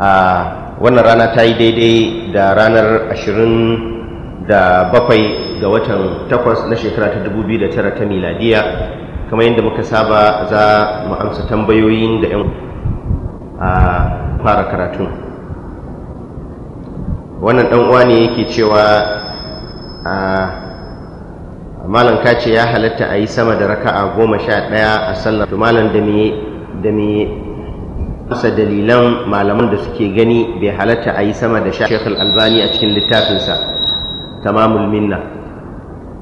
a wannan rana ta yi daidai da ranar 27 ga watan 8 na shekara ta 2009 ta miladiya kamar yadda muka saba za mu amsa tambayoyin da 'yan a fara karatun wannan dan uwa ne yake cewa a malam ka ya halatta a yi sama da raka'a goma sha ɗaya a sallar to da me masa dalilan malaman da suke gani bai halatta a yi sama da shekul albani a cikin littafinsa Tamamul Minna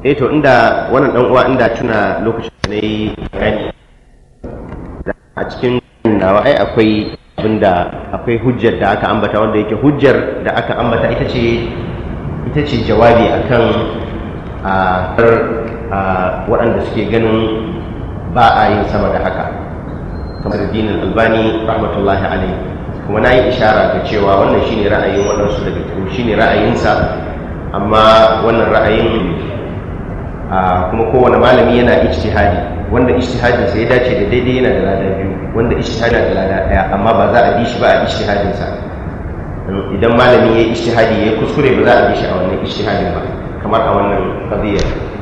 Eto eh inda wannan dan uwa inda tuna lokacin da yi gani a cikin nawa ai akwai abinda akwai hujjar da aka ambata wanda yake hujjar da aka ambata ita ce ita ce jawabi akan a waɗanda suke ganin ba a yin sama da haka kamar dinin albani rahmatullahi alaihi kuma na yi ishara ga cewa wannan shine ra'ayin waɗansu daga cikin shine ra'ayinsa amma wannan ra'ayin kuma kowane malami yana ijtihadi wanda ijtihadin sa ya dace da daidai yana da lada biyu wanda ijtihadin da lada daya amma ba za a bi shi ba a ijtihadin sa idan malami ya ijtihadi ya kuskure ba za a bi shi a wannan ijtihadin ba kamar a wannan qadiyya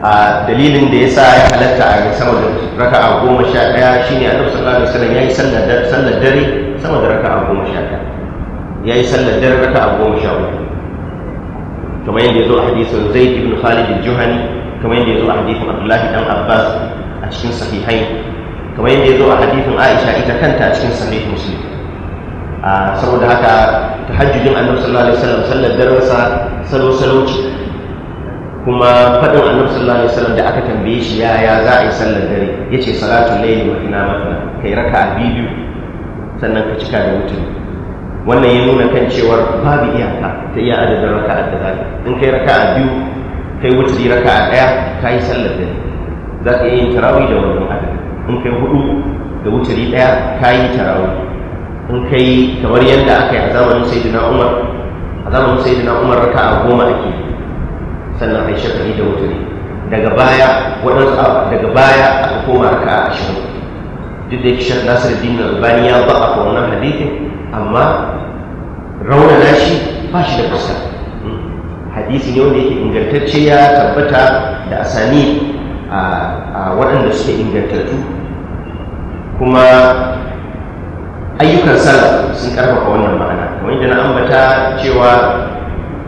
a dalilin da ya sa ya halatta a ga sama da raka a goma sha ɗaya ne annabi sallallahu da wasallam ya yi sallar dare sama da raka a goma sha ɗaya ya yi sallar dare raka a goma sha uku kamar yadda ya zo a hadisin Zai ibn khalid al-juhani kamar yadda ya zo a hadisun abdullahi dan abbas a cikin sahihai kamar yadda ya zo a hadisun aisha ita kanta a cikin sahih muslim saboda haka tahajjudin annabi sallallahu alaihi wasallam sallar dare salo salo kuma faɗin annabi sallallahu alaihi wasallam da aka tambaye shi ya yaya za a yi sallar dare yace salatul layli matna matna kai raka'a biyu sannan ka cika da mutum wannan ya nuna kan cewar babu iyaka ta iya adadin raka'a da zaka in kai raka'a biyu kai wutri raka'a ɗaya, ka yi sallar dare za ka yin tarawih da wannan adadin in kai hudu da wutri ɗaya, ka yi tarawih in kai kamar yadda aka yi a zamanin sayyidina umar a zamanin sayyidina umar raka'a goma ake yi sannan a yi shafa'i da ne. daga baya waɗansu daga baya aka koma raka a ashirin duk da yake shan nasir din albani ya ba a kwanan hadithin amma raunana shi ba shi da fuska yau hmm? ne wanda yake ingantacce ya tabbata da asani a waɗanda suke ingantattu kuma ayyukan sana sun karfafa wannan ma'ana kamar yadda na ambata cewa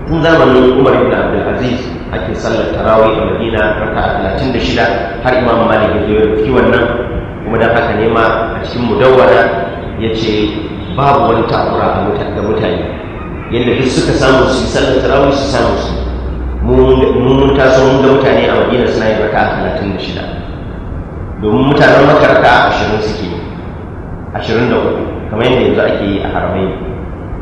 tun zamanin umar ibn aziz ake sallar tarawih a madina raka 36 har imam malik ya zo wannan kuma dan haka ne ma a cikin mudawwara ya ce babu wani takura ga mutane yadda duk suka samu su sallar tarawih su samu su mun taso mun da mutane a madina suna yin raka 36 domin mutanen makarta 20 suke hudu kamar yadda yanzu ake yi a haramai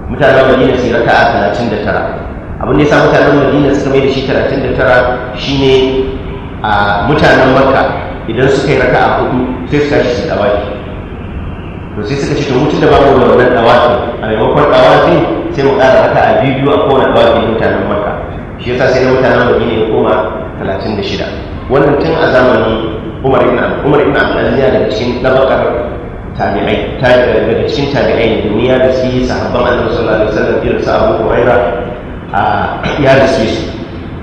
mutanen madina su yi raka 39 abin da ya samu mutanen madina suka mai da shi 39 shine a mutanen makka idan suka yi raka a hudu sai su tashi su dawaki to sai suka ce to mutum da babu mu wannan dawaki a maimakon dawaki sai mu ƙara raka a biyu a kowane dawaki mutanen makka shi yasa sai na mutanen madina ya koma 36 wannan tun a zamanin umar ibn umar ibn abdulaziz daga cikin dabakar tabi'ai daga cikin tabi'ai duniya da su yi sahabban annabi sallallahu alaihi wasallam irin su abu hurairah ya riske su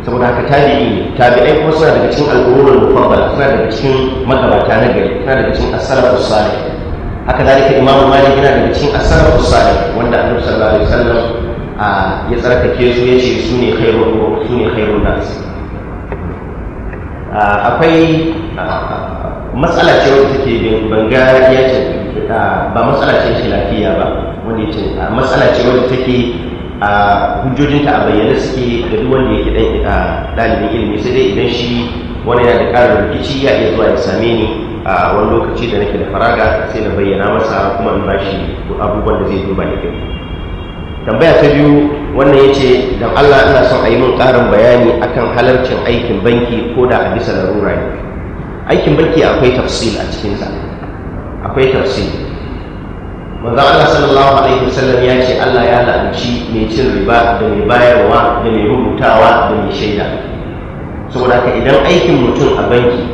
saboda haka tabi'i ne ai kuma suna daga cikin al'ummar mufabbal suna daga cikin magabata na gari suna daga cikin asarar salafus salih haka zalika imamu malik yana daga cikin asarar salafus salih wanda annabi sallallahu alaihi wasallam ya tsarkake su ya ce su ne khairu su ne khairu nas akwai matsala ce wanda take banga ya ce ba matsala ce lafiya ba wanda ya ce matsala ce wanda take a hujjojinta a bayyane suke da duk wanda yake ɗalibin ilimi sai dai idan shi wani yana da ƙarin rikici ya iya zuwa ya same ni a wani lokaci da nake da faraga sai na bayyana masa kuma in bashi abubuwan da zai duba da kyau tambaya ta biyu wannan ya ce don allah ina son a yi min ƙarin bayani akan halarcin aikin banki ko da a bisa larura ne aikin banki akwai tafsil a cikinsa akwai tafsil manzo Allah sallallahu alaihi wasallam ya ce Allah ya la'anci mai cin riba da mai bayarwa da mai rubutawa da mai shaida saboda haka idan aikin mutum a banki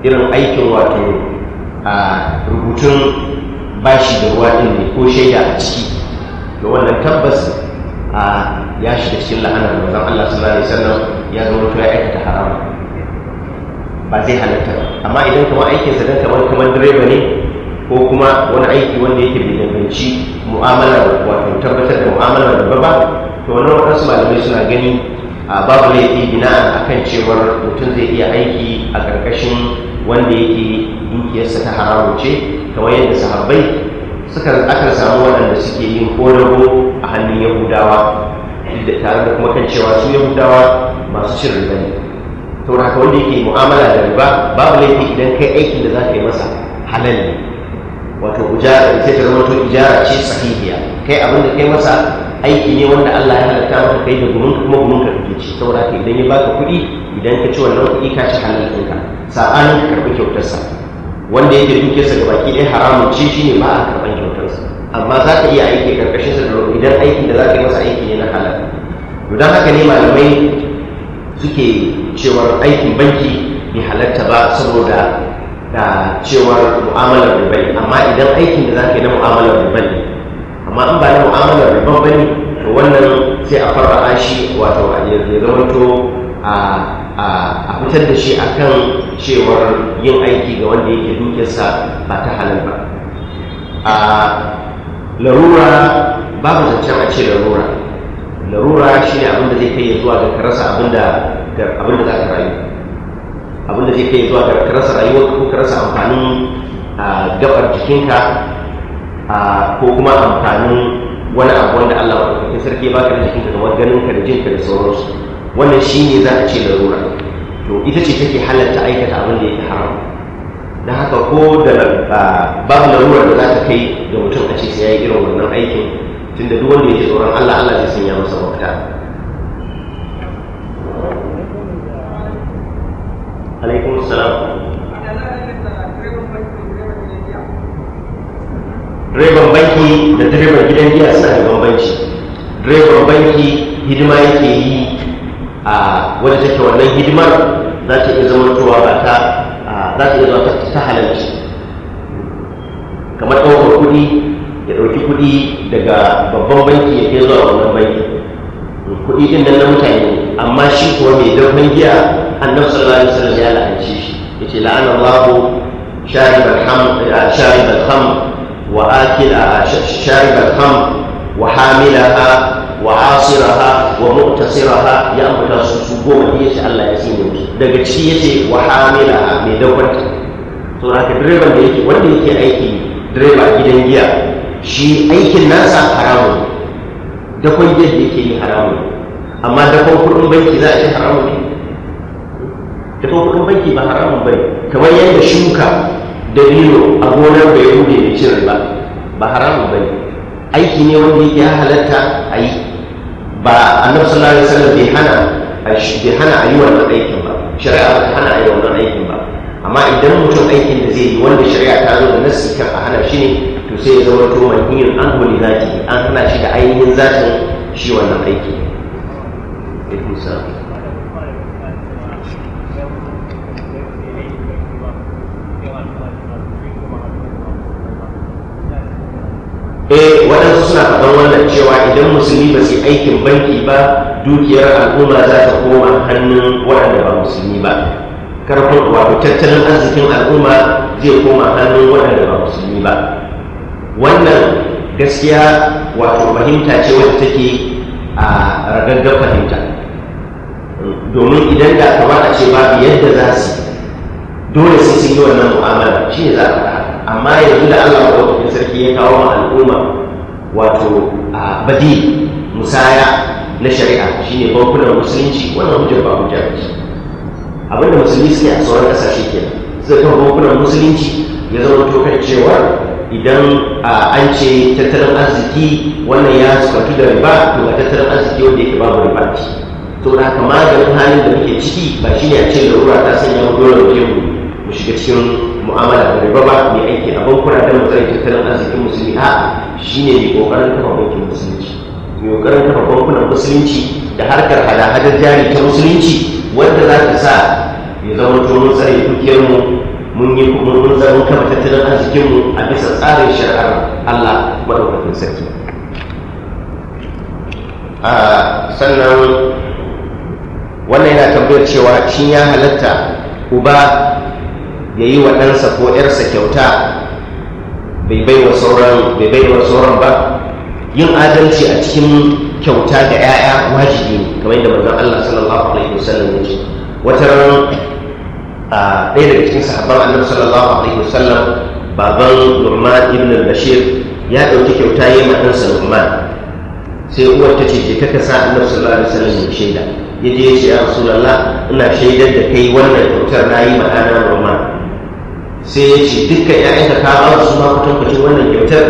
irin aikin wato a rubutun bashi da ruwa din ne ko shaida a ciki to wannan tabbas a ya shiga cikin la'anar manzon Allah sallallahu alaihi wasallam ya zama to ya aikata harama. ba zai halatta amma idan kuma aikinsa dan kamar kamar direba ne ko kuma wani aiki wanda yake bai danganci mu'amala wato tabbatar da mu'amala da ba to wani wasu malamai suna gani a babu laifi bina kan cewar mutum zai iya aiki a ƙarƙashin wanda yake dukiyarsa ta haramu kamar yadda sahabbai suka aka samu waɗanda suke yin ƙorago a hannun yahudawa tare da kuma kan cewa su yahudawa masu cin riba ne to haka wanda yake mu'amala da riba babu laifi idan kai aikin da za ka yi masa halal ne wato ujara sai ta zama to ijara ce sahihiya kai abin da kai masa aiki ne wanda Allah ya halatta maka kai da gurin kuma gurin ka kake ci saboda kai idan ya baka kuɗi idan ka ci wannan kuɗi ka ci halal ɗinka sabanin ka karɓi kyautarsa wanda yake duke ga baki ɗaya haramun ci ne ba a karɓan sa amma za ka iya aiki karkashin sa idan aikin da za ka yi masa aiki ne na halal dan haka ne malamai suke cewar aikin banki bai halatta ba saboda da cewar mu'amalar da bai? amma idan aikin da za ka yi na mu'amalar riban ne amma in ba na mu'amalar da ba ne to wannan sai a fara shi wato ya to a fitar da shi akan cewar yin aiki ga wanda yake dukiyarsa ba ta halal ba a larura babu zancen a ce larura larura shi ne abinda zai kai zuwa ga karasa abinda abinda za ka rayu abinda zai kai zuwa ga karasa rayuwa ko karasa amfanin gabar jikinka ko kuma amfanin wani abu wanda Allah maɗaukakin sarki baka da jikinka kamar ganinka da jinka da sauransu wannan shi ne za a ce larura to ita ce take halatta aikata abin da yake haram na haka ko da babu larura da za ta kai ga mutum a ce sai ya yi irin wannan aikin tunda duk wanda yake tsoron Allah Allah zai sanya masa mafita alaikum salaam. direban banki da direban gidan giya suna da bambanci direban banki hidima yake yi a wadda take wannan hidimar za ta iya zama tuwa ba ta za ta iya zama ta halarci kamar ɗaukar kuɗi ya ɗauki kuɗi daga babban banki ya ke zuwa wannan banki kuɗi ɗin nan na mutane amma shi kuwa mai dabban giya annabi sallallahu alaihi wasallam ya la'anci shi yace la'ana Allahu sharibal ham ham وآكلها شارب الخمر وحاملها وعاصرها ومؤتصرها يا أمر سوغوما يجي الله يسيني daga ciki yace wa hamila mai daukar to da direban da yake wanda yake aiki direba gidan giya shi aikin nasa haramun dakon giya da yake yi haramun amma dakon kudin banki za a ce ne ba haramun bane kamar yadda shuka dalilo a gonar bai yahudi da ci riba ba haramu ba ne aiki ne wanda yake ya halatta a yi ba a sallallahu lari wasallam bai hana bai hana a yi wannan aikin ba shari'a ba hana a yi wannan aikin ba amma idan mutum aikin da zai yi wanda shari'a ta zo da nassi kan a hana shi ne to sai ya zama to mahimmin an huli zaki an hana shi da ainihin zatin shi wannan aiki. eh waɗansu suna faɗan wannan cewa idan musulmi ba su aikin banki ba dukiyar al'umma za ta koma hannun waɗanda ba musulmi ba karfin wato tattalin arzikin al'umma zai koma hannun waɗanda ba musulmi ba wannan gaskiya wato fahimta ce wadda take a ragaggar fahimta domin idan da kama a ce babu yadda za su dole sai sun yi wannan mu'amala shi ne za a amma yanzu da Allah maɗaukakin sarki ya kawo ma al'umma wato a badi musaya na shari'a shine bankunan musulunci wannan hujjar ba hujja ba ce abinda musulmi suke a sauran ƙasashe ke suka kan bankunan musulunci ya zama tokar cewa idan an ce tattalin arziki wannan ya sukantu da riba to ga tattalin arziki wanda yake babu riba ce to da haka maganin halin da muke ciki ba shi ne a ce da larura ta sanya mu dole mu mu shiga cikin mu'amala da riba ba mai aiki a bankuna da da tattalin arzikin musulmi a ne mai kokarin kafa bankin musulunci mai kokarin kafa bankunan musulunci da harkar hada-hadar jari ta musulunci wanda za ta sa ya zama mun tsare dukiyarmu mun yi kuma mun zama kafa tattalin arzikinmu a bisa tsarin shari'ar Allah madaukakin sarki sannan wannan yana tambayar cewa shin ya halatta uba ya yi wa ɗansa ko ‘yarsa kyauta bai baiwa sauran bai baiwa sauran ba yin adalci a cikin kyauta da 'ya'ya wajibi ne kamar yadda manzon Allah sallallahu alaihi wasallam ya ce wata ran a ɗaya daga cikin sahabban annabi sallallahu alaihi wasallam baban Nu'man ibn al-Bashir ya ɗauki kyauta ya ma ɗansa Nu'man sai uwar ta ce je ka sa annabi sallallahu alaihi wasallam ya shaida ya je ya ce ya Rasulullah ina shaidar da kai wannan kyautar na yi ma ɗana sai ya ce dukkan ‘ya'yanka ka ba su ma kwatankwacin wannan kyautar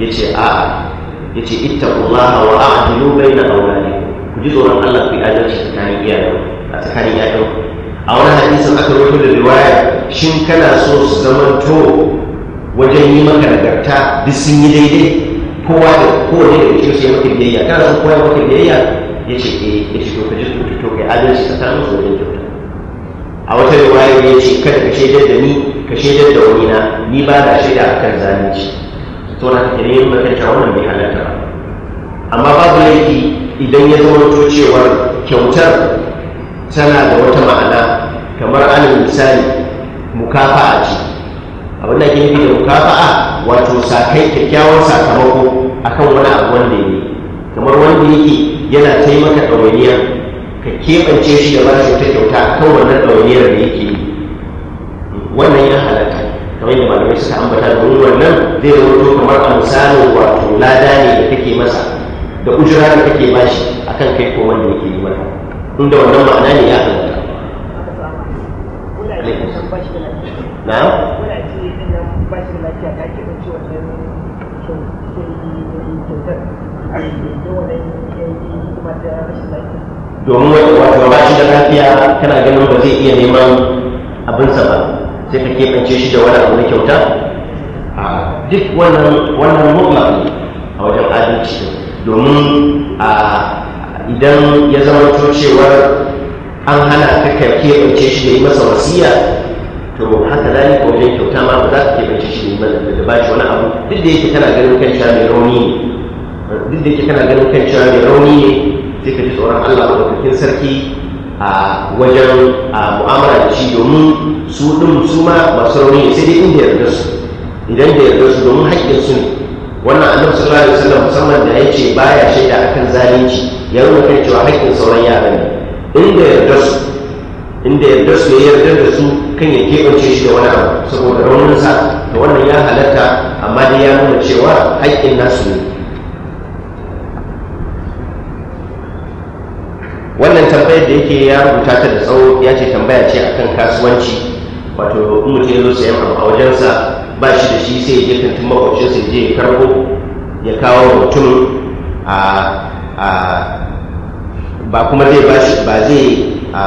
ya ce a'a ya ce ita ƙulaha wa'a a dino bai na aurare ku ji tsoron Allah ku yi adalci tsakanin iya a tsakanin iyayen a wani hadisin aka rubuta da riwaya shin kana so su zama to wajen yi maka nagarta duk sun yi daidai kowa da kowane da ke sai maka biyayya kana so kowa maka biyayya ya ce eh ya ce to ka ji to ka yi adalci tsakanin su wajen kyauta a wata riwaya ya ce kada ka shaidar da ni ka shaidar da wani na ni ba da shaida akan zalunci to na kake ne makanta wannan bai halatta ba amma babu laifi idan ya zama to cewar kyautar tana da wata ma'ana kamar alin misali mukafa'a ce abin da ke nufi da mukafa'a wato sakai kyakkyawan sakamako akan wani abu wanda ya yi kamar wanda yake yana taimaka ɗawainiya ka keɓance shi da ba shi ta kyauta kan wannan ɗawainiyar da yake wannan ya halatta kamar yadda malamai suka ambata da wani wannan zai rawato kamar a misali wato lada ne da kake masa da ujira da kake bashi akan kai ko wanda yake yi mata inda wannan ma'ana ne ya halatta na domin wato ba shi da lafiya kana ganin ba zai iya neman abinsa ba sai ka keɓance shi da wani abu na kyauta a duk wannan wannan a wajen adalci domin a idan ya zama cewar an hana ka ka keɓance shi da yi masa wasiya to haka zai ko wajen kyauta ma ba za ka keɓance shi da yi da ba shi wani abu duk da yake kana ganin kan cewa mai rauni ne duk da yake kana ganin kan cewa mai rauni ne sai ka ji tsoron Allah a sarki a wajen mu'amala da shi domin su ɗin su ma masu rauni ne sai dai inda yarda su idan da yarda su domin haƙƙin su ne wannan annabi sallallahu alaihi wasallam musamman da ya ce baya shaida akan zalunci ya nuna kan cewa haƙƙin sauran yara ne inda yarda su inda yarda su ya yarda da su kan ya keɓance shi da wani abu saboda rauninsa da wannan ya halatta amma dai ya nuna cewa haƙƙin nasu ne wannan tambayar da yake ya rubuta ta da tsawo ya ce tambaya ce akan kasuwanci wato in mutum ya zo sayan abu a wajensa ba shi da shi sai ya je kantin makwabcinsa ya je ya karbo ya kawo mutum a ba kuma zai ba shi ba zai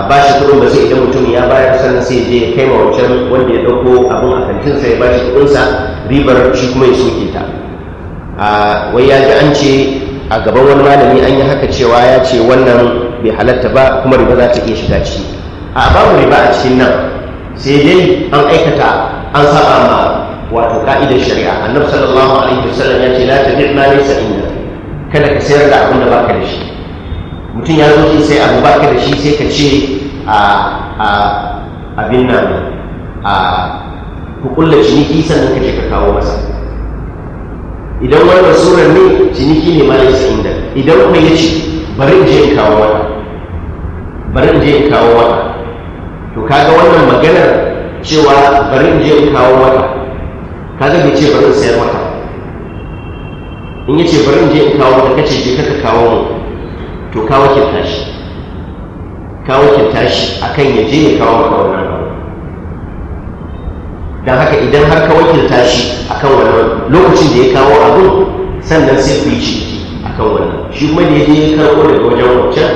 ba shi kudin ba sai idan mutum ya bayar sannan sai je ya kai ma wancan wanda ya dauko abin a kantinsa ya ba shi sa ribar shi kuma ya soke ta wai ya ji an ce a gaban wani malami an yi haka cewa ya ce wannan bai halatta ba kuma riba za ta iya shiga ciki a babu riba a cikin nan sai dai an aikata an saba ma wato ka'idar shari'a annabi sallallahu alaihi wasallam ya ce la tabi' ma laysa inda kada ka sayar da abin da baka da shi mutum ya zo shi sai abu baka da shi sai ka ce a a abin nan a ku kulla ciniki sannan ka je ka kawo masa idan wannan surar ne ciniki ne ma laysa inda idan kuma ya ce bari in je in kawo wata bari in je in kawo wata to kaga wannan maganar cewa bari in je in kawo wata kaga bai ce barin sayar wata in ya ce bari in je in kawo wata kace je ka kawo mu to kawo kin tashi? Kawo kin tashi akan ya je ya kawo maka wannan dan haka idan har ka wakil tashi akan wannan lokacin da ya kawo abu sannan sai ku yi shi akan wannan shi kuma da ya je ya karɓo daga wajen wancan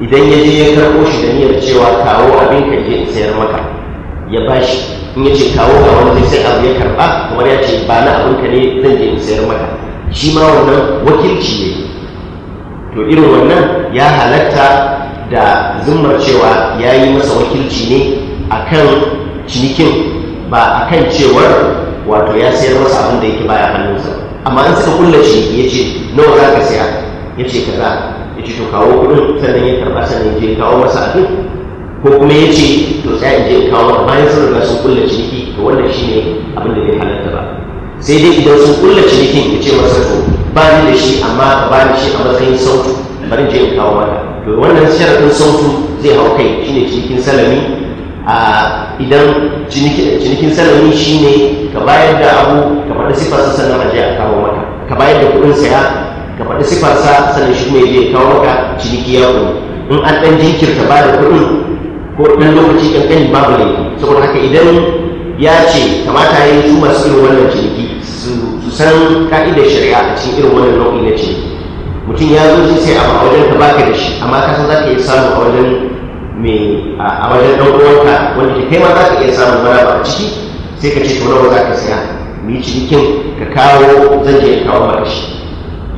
idan ya je ya karɓo shi da niyyar cewa kawo abin ka je in sayar maka ya bashi in ya ce kawo ga wani zai sai abu ya karɓa kamar ya ce ba na abin ka ne zan je in sayar maka shi ma wannan wakilci ne to irin wannan ya halatta da zimmar cewa ya yi masa wakilci ne a kan cinikin ba a kan cewar wato ya sayar masa abin da yake baya hannunsa amma an suka kulle shi ya ce nawa za ka siya ya ce kaza ya ce to kawo kudin sannan ya karba sannan ya je kawo masa abin ko kuma ya ce to sai in je kawo amma bayan sun riga sun kulla ciniki to wannan shi ne abin da bai halatta ba sai dai idan sun kulla cinikin ya ce masa to ba ni da shi amma ka ba ni shi a matsayin sautu bari je in kawo mata to wannan sharaɗin sautu zai hau kai shine cinikin salami a idan cinikin sanani shi ne ka bayar da abu ka faɗi sifarsa sannan a a kawo maka ka bayar da kuɗin saya ka faɗi sifarsa sannan shi ne zai kawo maka ciniki ya kuma in an ɗan jinkirta ba da kuɗin ko ɗan lokaci ƙanƙani babu ne saboda haka idan ya ce kamata ya yi tuma su masu irin wannan ciniki su san ka'idar shari'a a cikin irin wannan nau'i na ciniki mutum ya zo sai a wajen ka baka da shi amma ka san za ka iya samu a wajen mai a wajen ɗauɗuwarka wanda ke kai ma za ka iya samun wani ba a ciki sai ka ce to nawa za ka siya mu yi cinikin ka kawo zan je kawo maka shi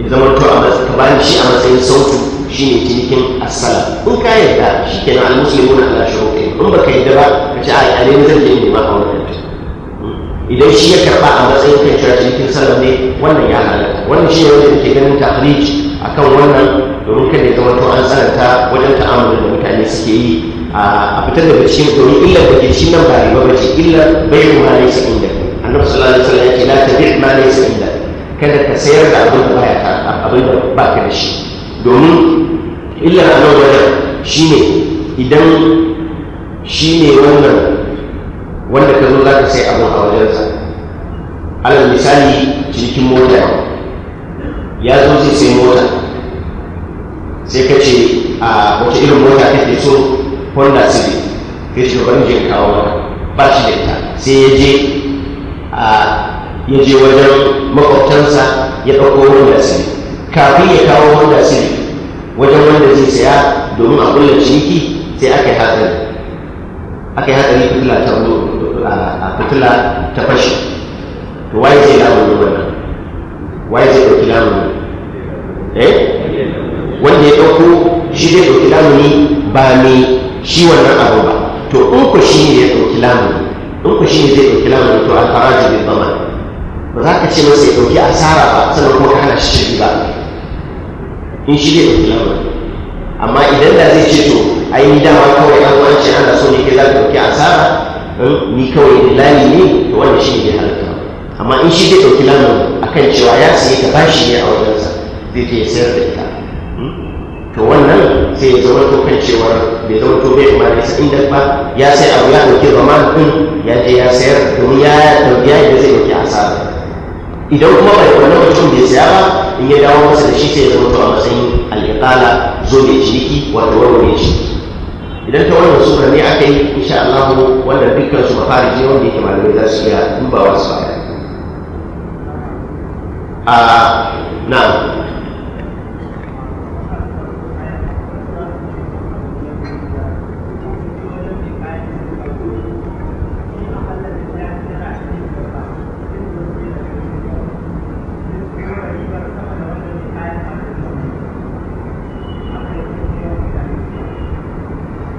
ya zama to a matsayin ka bani shi a matsayin sautu shi ne cinikin asala in ka yarda shi ke nan almusulmi na ala shuruɗe in ba ka yarda ba ka ce a ne zan je nema a wannan idan shi ya karɓa a matsayin kan cewa cinikin sallah ne wannan ya halatta wannan shi ne wanda ke ganin tahrij akan wannan domin kada ya zama to an tsananta wajen ta'amulin da mutane suke yi a fitar da cikin domin illa da ke nan ba riba ba ce bai ma ne su inda annabi sallallahu alaihi wasallam yake la tabi ma ne su inda kada ka sayar da abin da baya abin da baka da shi domin illa a nan wajen shine idan shine wannan wanda ka zo za ka sai abin a wajensa alal misali cikin mota ya zo zai sai mota sai ka ce a wace irin mota kake so honda civic kai shi gaban jin kawo wani ba shi da ita sai ya je a ya je wajen makwabtansa ya ɗauko honda civic kafin ya kawo honda civic wajen wanda zai saya domin a kullum ciniki sai aka yi hatsari aka yi hatsari fitila ta a fitila ta fashi to waye zai lamu wannan waye zai ɗauki lamu eh wanda ya ɗauko shi zai ɗauki lamuni ba mai shi wannan abu ba to in ku shi ne ya ɗauki lamuni in ku shi ne zai ɗauki lamuni to an fara jibi ba ba za ka ce masa ya ɗauki asara ba sannan kuma ka hana shi shirki ba in shi zai ɗauki lamuni amma idan da zai ce to ai ni dama kawai an wance ana so ne ke za ka ɗauki asara hmm, ni kawai lami ne to wannan shi ne ya halatta amma in shi zai ɗauki lamuni akan cewa ya sayi ka bashi ne a wajensa zai je ya sayar da ita to wannan sai ya zama to kan cewa bai zama to bai kuma nisa inda ba ya sai abu ya ɗauki zama ɗin ya je ya sayar domin ya ɗauki ya yi zai ɗauki asara idan kuma bai wannan mutum bai saya ba in ya dawo masa da shi sai ya zama to a matsayin al'iƙala zo mai ciniki wato warware shi idan ta wannan sura ne aka yi insha Allah wannan dukkan su mafariji wanda yake malamai za su iya dubawa su ba a ah, Na.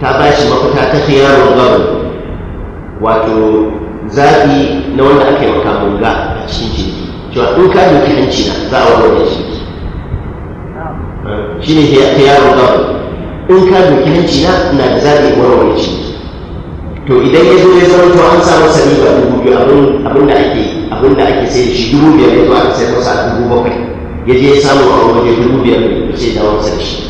ta ba shi mafita ta khiyarun gabar wato zaɓi na wanda aka yi makamun a cikin jirgi cewa in ka doki hanci na za a wani shi shi ne khiyarun gabar in ka doki hanci na na da zaɓi warware shi to idan ya zo ya zama to an samu sani ba dubu biyu abin da ake abin da ake sai da shi dubu biyar ne zo aka sai masa dubu bakwai ya je ya samu a waje dubu biyar ne sai dawo sa shi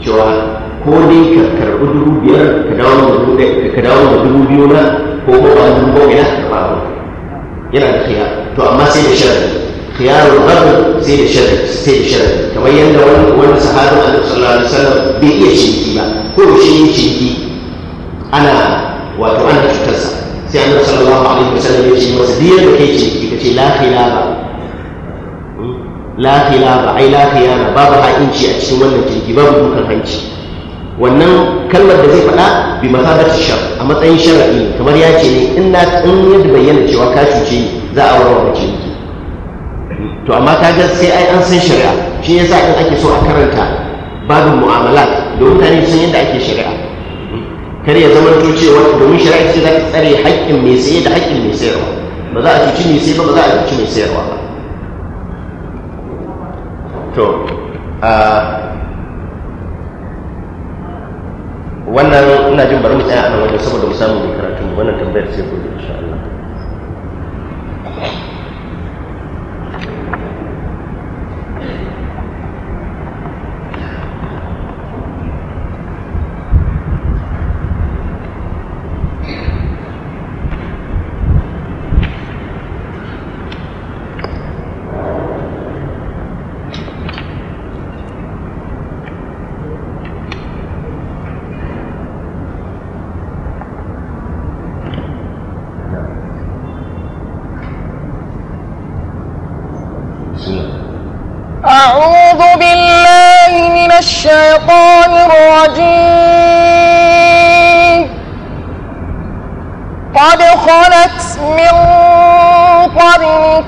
cewa ko dai ka karɓi dubu biyar ka dawo da dubu ɗaya ka dawo da dubu biyu na ko ko ba dubu bakwai na ka faru, yana da khiyar to amma sai da sharadi khiyarul ghadr sai da sharadi sai da sharadi kamar yadda wani wani sahabin annabi sallallahu alaihi wasallam bai iya ciniki ba ko shi ne ciniki ana wato ana cutarsa sai annabi sallallahu alaihi wasallam ya ce masa diyar da kai ciniki ka ce la khilaba hmm? la khilaba ai la khiyana babu ha'inci a cikin wannan ciniki babu dukan hanci wannan kalmar da zai faɗa bi masabar shar a matsayin shar'i kamar ya ce ne in na in yadda bayyana cewa ka cuce za a warwa ce ni to amma ka ga sai ai an san shari'a shi ya sa in ake so a karanta babin mu'amala, domin mutane san yadda ake shari'a kar ya zama to cewa domin shari'a ce za ta tsare haƙƙin mai saye da haƙƙin mai sayarwa ba za a cuci mai saye ba ba za a cuci mai sayarwa ba to wannan ina jin bari mu tsaya a nan wajen saboda mu samu mai karatu wannan tambayar sai gobe insha Allah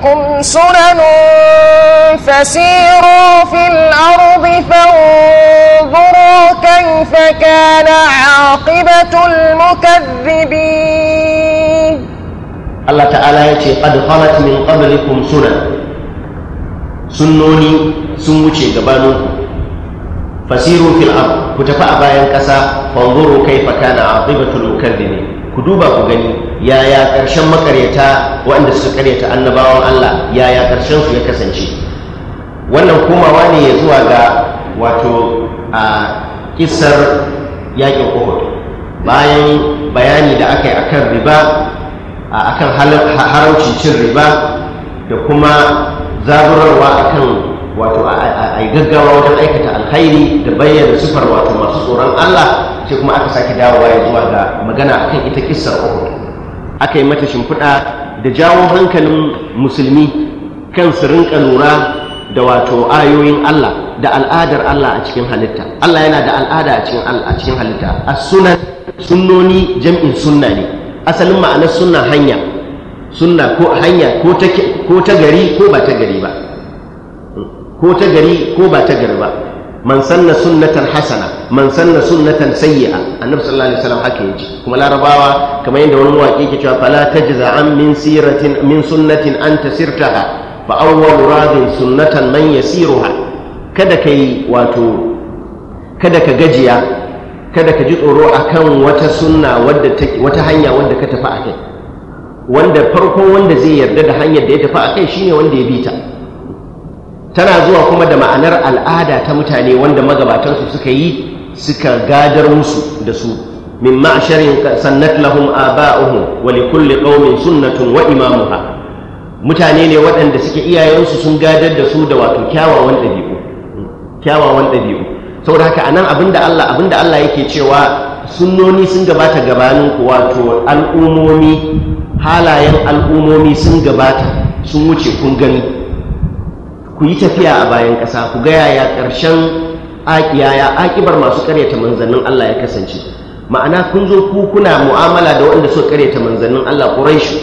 لكم سنن فسيروا في الأرض فانظروا كيف كان عاقبة المكذبين الله تعالى يتي قد خلت من قبلكم سنن سنوني سموشي قبانو فسيروا في الأرض ku tafi a فانظروا كيف كان عاقبة المكذبين ku duba ku gani yaya ƙarshen makaryata waɗanda suka karyata annabawan Allah yaya ƙarshen su ya kasance wannan komawa ne ya zuwa ga wato a kisar yaƙin Uhud bayan bayani da aka yi kan riba akan haramcin cin riba da kuma zaburarwa akan wato a gaggawa wajen aikata alkhairi da bayyana sufar wato masu tsoron Allah sai kuma aka sake dawowa ya zuwa ga magana akan ita kissar uhud aka yi mata shimfiɗa da jawo hankalin musulmi kan su rinka lura da wato ayoyin Allah da al'adar Allah a cikin halitta Allah yana da al'ada a cikin halitta a sunan sunnoni jam'in sunna ne asalin ma'anar sunna hanya sunna ko hanya ko ta gari ko ba ta gari ba ko ta gari ko ba ta gari ba hmm. man sanna sunnatan hasana man sanna sunnatan sayyi'a annabi sallallahu alaihi wasallam haka yaji kuma larabawa kamar yadda wani waƙi ke cewa fala tajza an min siratin min sunnatin Anta, tasirtaha fa awwal radin sunnatan man yasiruha kada kai wato kada ka gajiya kada ka ji tsoro akan wata sunna wadda wata hanya wadda ka tafi akai wanda farkon wanda zai yarda da hanyar da ya tafi akai shine wanda ya bi ta tana zuwa kuma da ma'anar al'ada ta mutane wanda magabatansu suka yi suka gadar musu da su min ma'asharin sannat lahum aba'uhum wa li kulli qaumin sunnatun wa imamuha mutane ne waɗanda suke iyayensu sun gadar da su da wato kyawawan ɗabi'u kyawawan ɗabi'u saboda haka anan abinda Allah abinda Allah yake cewa sunnoni sun gabata gabanin ku wato al'umomi halayen al'umomi sun gabata sun wuce kun gani ku yi tafiya a bayan ƙasa ku ga yaya ƙarshen yaya aƙibar masu ƙaryata manzannin Allah ya kasance ma'ana kun zo ku kuna mu'amala da waɗanda suka ƙaryata manzannin Allah shi?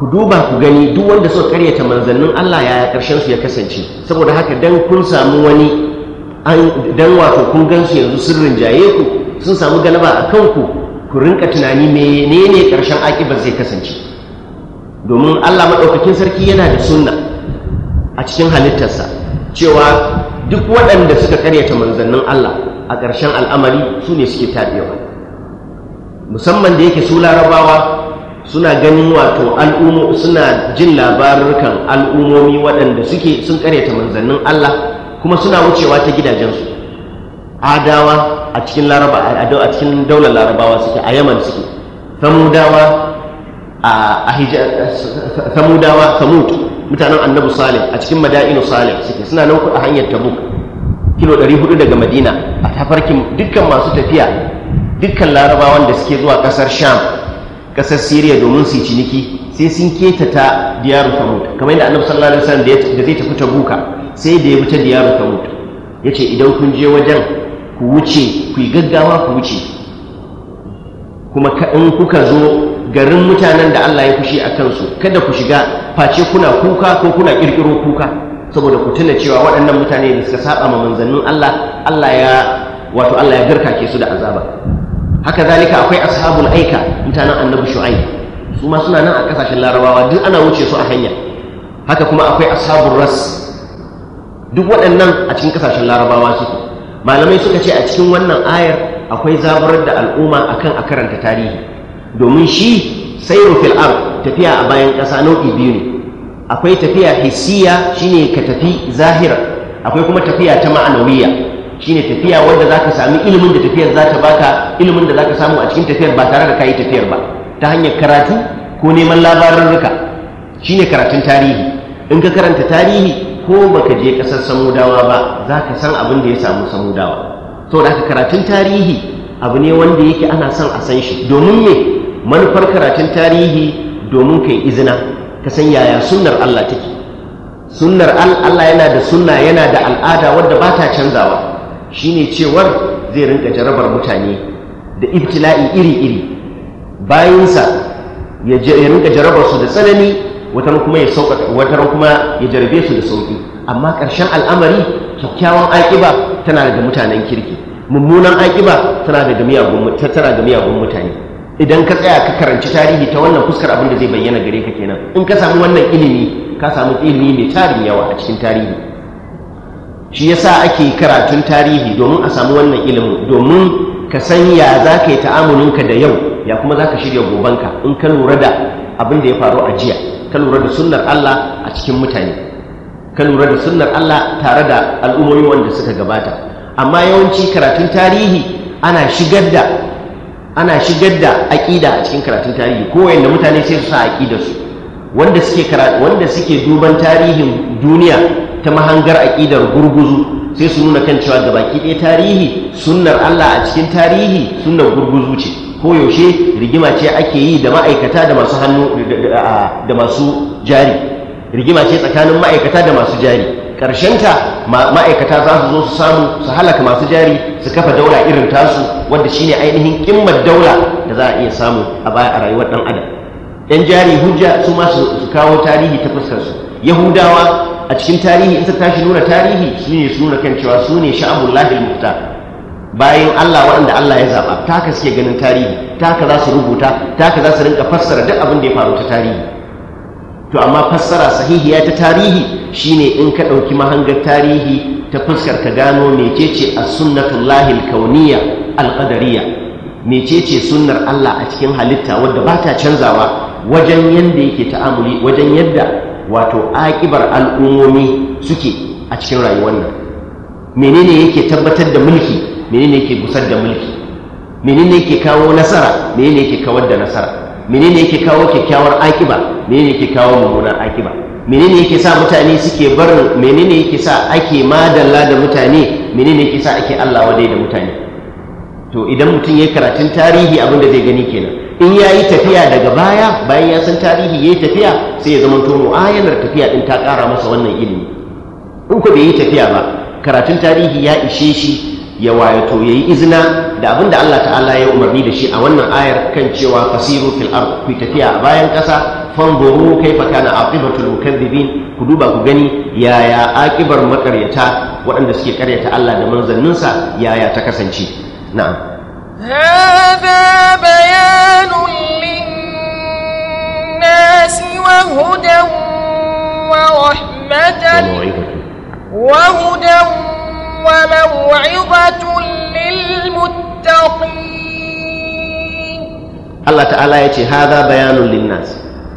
ku duba ku gani duk wanda suka ƙaryata manzannin Allah yaya ƙarshen su ya kasance saboda haka dan kun samu wani dan wato kun gansu yanzu sirrin jaye ku sun samu galaba a kanku ku rinka tunani menene ƙarshen aƙibar zai kasance domin allah maɗaukakin sarki yana da sunna a cikin halittarsa cewa duk waɗanda suka karyata manzannin allah a ƙarshen al'amari su ne suke taɓewa musamman da yake su larabawa suna ganin wato suna jin labarukan al'ummomi waɗanda suke sun karyata manzannin allah kuma suna wucewa ta gidajensu adawa a cikin larabawa, a cikin daular larabawa suke a yaman suke samudawa a samudawa samud mutanen annabu Salim a cikin madainu Salim, suke suna nan a hanyar tabuk kilo 400 daga madina a tafarkin dukkan masu tafiya dukkan larabawan da suke zuwa kasar sham kasar syria domin su yi ciniki sai sun keta ta diyaru samud kamar yadda annabi sallallahu alaihi da zai tafi tabuka sai da ya bi ta diyaru samud yace idan kun je wajen ku wuce ku yi gaggawa ku wuce kuma in kuka zo garin mutanen da Allah ya fushi a kansu kada ku shiga face kuna kuka ko kuna kirkiro kuka saboda ku tuna cewa waɗannan mutane da suka saba ma manzannin Allah Allah ya wato Allah ya garkake su da azaba haka zalika akwai ashabul aika mutanen annabi shu'aib su ma suna nan a kasashen larabawa duk ana wuce su a hanya haka kuma akwai ashabul ras duk waɗannan a cikin kasashen larabawa suke malamai suka ce a cikin wannan ayar akwai zaburar da al'umma akan a karanta tarihi domin shi sai fil ard tafiya a bayan ƙasa nau'i biyu ne akwai tafiya hissiya shine ka tafi zahira akwai kuma tafiya ta ma'anawiya shine tafiya wanda zaka sami ilimin da tafiyar za ta baka ilimin da zaka samu a cikin tafiyar ba tare da kai tafiyar ba ta hanyar karatu ko neman labarurruka shine karatun tarihi in ka karanta tarihi ko baka je ƙasar samudawa ba zaka san abin da ya samu samudawa saboda haka karatun tarihi abu ne wanda yake ana son a san shi domin me manufar karatun tarihi domin kai izina ka san yaya sunnar Allah take sunnar Allah yana da sunna yana da al'ada wadda ba ta canzawa shine cewar zai rinka jarabar mutane da ibtila'i iri-iri bayansa ya rinka jarabar su da tsanani wata kuma ya kuma ya jarabe su da sauƙi amma ƙarshen al'amari kyakkyawan aƙiba tana daga mutanen kirki mummunan aƙiba tana da miyagun mutane idan ka tsaya ka karanci tarihi ta wannan fuskar abin da zai bayyana gare ka kenan in ka samu wannan ilimi ka samu ilimi mai tarin yawa a cikin tarihi shi yasa ake karatun tarihi domin a samu wannan ilimi, domin ka san ya za ka yi ta'amuninka da yau ya kuma za ka shirya gobanka in ka lura da abin da ya faru a jiya ka lura da sunnar Allah a cikin mutane ka lura da sunnar Allah tare da al'ummomi wanda suka gabata amma yawanci karatun tarihi ana shigar da ana shigar da aƙida a cikin karatun tarihi ko wanda mutane sai su sa su wanda suke wanda suke duban tarihin duniya ta mahangar aƙidar gurguzu sai su nuna kan cewa gabaki ɗaya tarihi sunnar Allah a cikin tarihi sunnar gurguzu ce ko yaushe rigima ce ake yi da ma'aikata da masu hannu da masu jari rigima ce tsakanin ma'aikata da masu jari ta ma'aikata za su zo su samu su halaka masu jari su kafa daula irin tasu wadda shine ainihin kimmar daula da za a iya samu a baya a rayuwar ɗan adam yan jari hujja su ma su kawo tarihi ta fuskarsu yahudawa a cikin tarihi in ta tashi nuna tarihi su ne su nuna kan cewa su ne sha'abullahi mufta bayan Allah waɗanda Allah ya zaɓa ta ka suke ganin tarihi ta ka za su rubuta ta ka za su rinka fassara duk abin da ya faru ta tarihi to amma fassara sahihiya ta tarihi shine in ka ɗauki mahangar tarihi ta fuskar ka gano mecece a lahil alkauniya alƙadariya mecece sunnar Allah a cikin halitta wadda ba ta canzawa wajen yadda yake ta'amuli wajen yadda wato aƙibar al'ummomi suke a cikin rayuwar nan menene yake tabbatar da mulki menene yake gusar da mulki menene yake kawo nasara menene yake kawar da nasara menene yake kawo kyakkyawar akiba menene yake kawo mummunar akiba menene yake sa mutane suke barin menene yake sa ake madalla da mutane menene yake sa ake Allah wadai da mutane to idan mutum ya karatun tarihi abin da zai gani kenan in ya yi tafiya daga baya bayan ya san tarihi ya yi tafiya sai ya zama to mu'ayanar tafiya din ta ƙara masa wannan ilimi in ku bai yi tafiya ba karatun tarihi ya ishe shi ya wayato yayi izina da abinda Allah ta'ala ya umarni da shi a wannan ayar kan cewa fasiru fil ard ku tafiya a bayan kasa fanzuru kaifa kana aqibatul mukaththibin ku duba ku gani yaya aqibar makaryata waɗanda suke karyata Allah da manzanninsa yaya ta kasance na'am wa بيان للناس وهدى ورحمة وهدى Allah Ta'ala ya ce, يتي هذا بيان للناس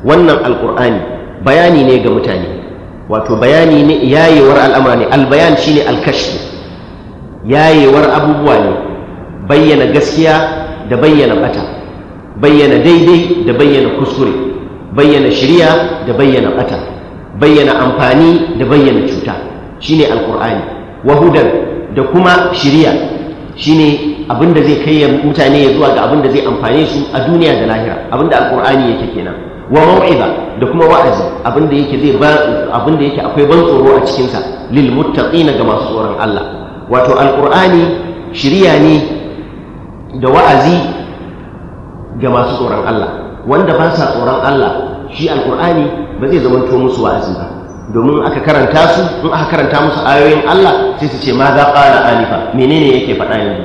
wannan alkur'ani bayani ne ga mutane wato bayani ne yayewar al'amura ne albayan shine alkashi yayewar abubuwa ne bayyana gaskiya da bayyana bata bayyana daidai da bayyana kuskure bayyana shirya da bayyana bata bayyana amfani da bayyana cuta shine alkur'ani wa hudan da kuma shiriya shine abin da zai kai mutane ya zuwa ga abin da zai amfane su a duniya da lahira abin da alkur'ani yake kenan wa mau'iza da kuma wa'azi abin yake zai ba abinda yake akwai ban tsoro a cikin sa lil muttaqina ga masu tsoron Allah wato alkur'ani shirya ne da wa'azi ga masu tsoron Allah wanda ba sa tsoron Allah shi alkur'ani ba zai zama to musu wa'azi ba domin aka karanta su in aka karanta musu ayoyin Allah sai su ce ma za ƙara alifa menene yake faɗa yanzu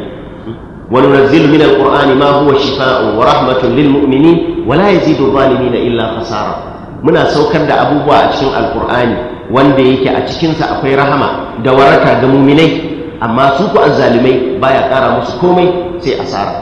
wani nazil min alƙur'ani ma huwa shifa'un wa rahmatun lil mu'minin wa la yazidu na illa khasara muna saukar da abubuwa a cikin alƙur'ani wanda yake a cikinsa akwai rahama da waraka ga muminai amma su ku azzalimai baya ƙara musu komai sai asara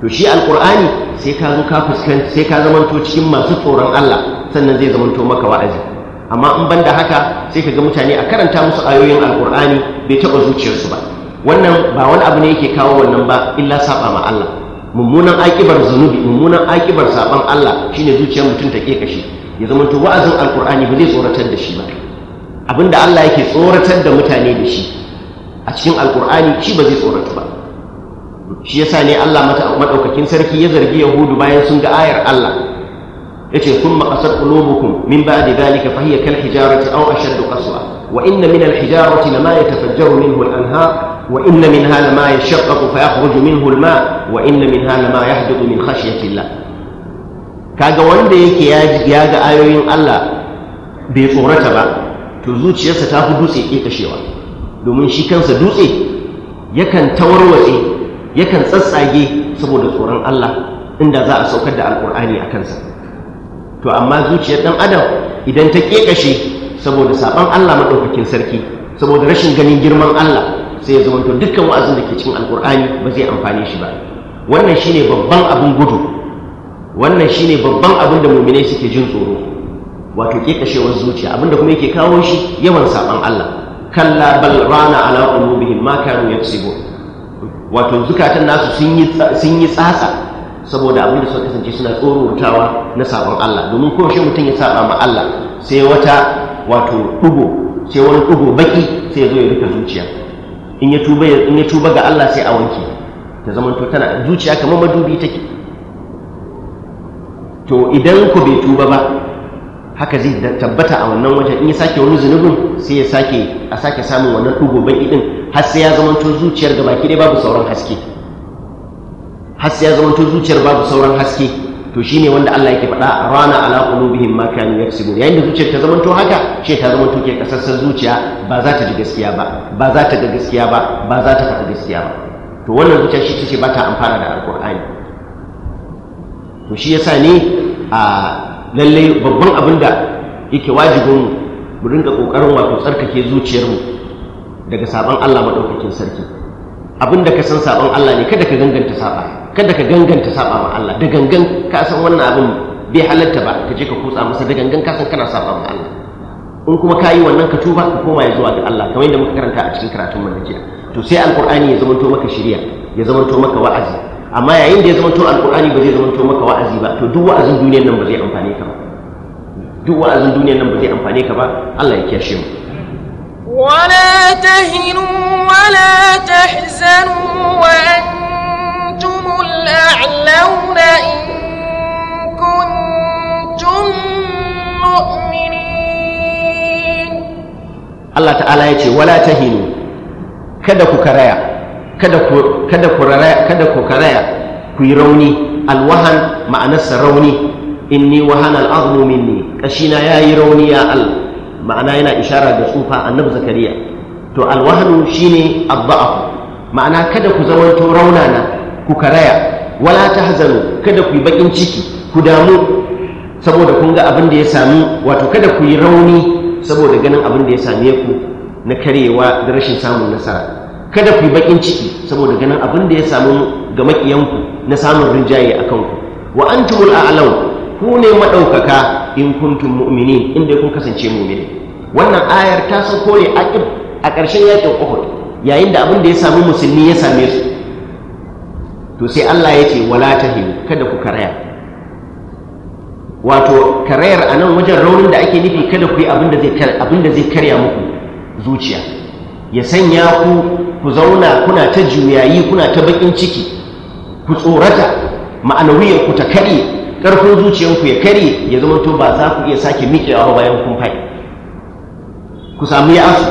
to shi alkur'ani sai ka zo ka sai ka zamanto cikin masu tsoron Allah sannan zai zamanto maka wa'azi amma in banda haka sai ka ga mutane a karanta musu ayoyin alkur'ani bai taɓa zuciyarsu ba wannan ba wani abu ne yake kawo wannan ba illa saba ma Allah mummunan akibar zunubi mummunan akibar saban Allah shine zuciyar mutum ta kekashe ya zama to wa'azin alkur'ani ba zai tsoratar da shi ba abinda Allah yake tsoratar da mutane da shi a cikin alkur'ani shi ba zai tsoratu ba shi yasa ne Allah madaukakin sarki ya zargi yahudu bayan sun ga ayar Allah yace kuma qasad qulubukum min ba'di dhalika fa hiya kal hijarati aw ashadd qaswa wa inna min al hijarati lama yatafajjaru minhu al anhar wa inna minha lama yashaqqaqu fa yakhruju minhu al ma' wa inna minha lama yahdudu min khashyati llah kaga wanda yake ya ga ayoyin Allah bai tsorata ba to zuciyarsa ta fi dutse ke kashewa domin shi kansa dutse yakan tawarwatse yakan tsatsage saboda tsoron Allah inda za a saukar da alkur'ani a kansa to amma zuciyar dan adam idan ta ƙeƙashe saboda saban allah maɗaukakin sarki saboda rashin ganin girman allah sai ya zama zamanto dukkan wa'azin da ke cikin alkur'ani ba zai amfane shi ba wannan shine babban abin gudu wannan shine babban abin da muminai suke jin tsoro wato kekashewar zuciya abinda kuma yake kawo shi yawan saban Allah kalla bal rana ala qulubihim ma kanu yaksibu wato zukatan nasu sun yi sun yi tsatsa saboda abin da suka kasance suna tsorotawa na sabon Allah domin shi mutum ya saba ma Allah sai wata wato dugo sai wani dugo baki sai ya zo ya rufe zuciya in ya tuba in ya tuba ga Allah sai a wanke ta zamanto tana zuciya kamar madubi take to idan ku bai tuba ba haka zai tabbata a wannan wajen in ya sake wani zunubin sai ya sake a sake samun wannan dugo baki din har sai ya to zuciyar gaba ki dai babu sauran haske hasi ya zamanto zuciyar babu sauran haske to shi ne wanda Allah yake faɗa rana ala qulubihim ma kanu yaksubun yayin da zuciyar ta to haka she ta to ke kasassar zuciya ba za ta ji gaskiya ba ba za ta ga gaskiya ba ba za ta faɗi gaskiya ba to wannan zuciya shi ce ba ta amfana da alqur'ani to shi yasa ne a lalle babban abin da yake wajibin mu dinga kokarin wato tsarkake zuciyar mu daga sabon Allah madaukakin sarki abin da ka san sabon Allah ne kada ka ganganta saba kada ka ganganta saba ma Allah da gangan ka san wannan abin bai halatta ba ka je ka kutsa masa da gangan ka san kana saba ma Allah in kuma ka yi wannan ka tuba ka koma ya zuwa ga Allah kamar yadda muka karanta a cikin karatun mu jiya to sai alqur'ani ya zamanto maka shiriya ya zamanto maka wa'azi amma yayin da ya zamanto alqur'ani ba zai zamanto maka wa'azi ba to duk wa'azin duniyar nan ba zai amfane ka ba duk wa'azin duniyar nan ba zai amfane ka ba Allah ya kiyashe mu ولا تهنوا ولا تحزنوا الأعلون إن كنتم مؤمنين الله تعالى يتي ولا تهنوا kada ku karaya ku kada ku raraya kada ku karaya rauni alwahan ma'anarsa rauni inni wahana al'azmu minni kashina yayi rauni ya Allah ma'ana yana ishara da tsufa annabi zakariya to alwahanu shine ma'ana kada ku zamanto raunana ku karaya wala ta hazaru, kada ku yi bakin ciki ku damu saboda kun ga abin da ya sami wato kada ku yi rauni saboda ganin abin da ya same ku na karewa da rashin samun nasara kada ku yi bakin ciki saboda ganin abin da ya samu ga makiyanku na samun rinjaye a kanku wa 'an a alam ku ne maɗaukaka in kuntum mu'minin inda kun kasance mu'mini wannan ayar ta sauko ne a ƙarshen yakin Uhud yayin da abin da ya samu musulmi ya same su to sai Allah ya ce wala tahinu kada ku karaya wato karayar a nan wajen raunin da ake nufi kada ku yi abin da zai karya muku zuciya ya sanya ku ku zauna kuna ta juyayi kuna ta bakin ciki ku tsorata ma'anawiyar ku ta karye ƙarfin zuciyarku ya karye ya zama to ba za ku iya sake miƙewa ba bayan kun fai ku samu ya asu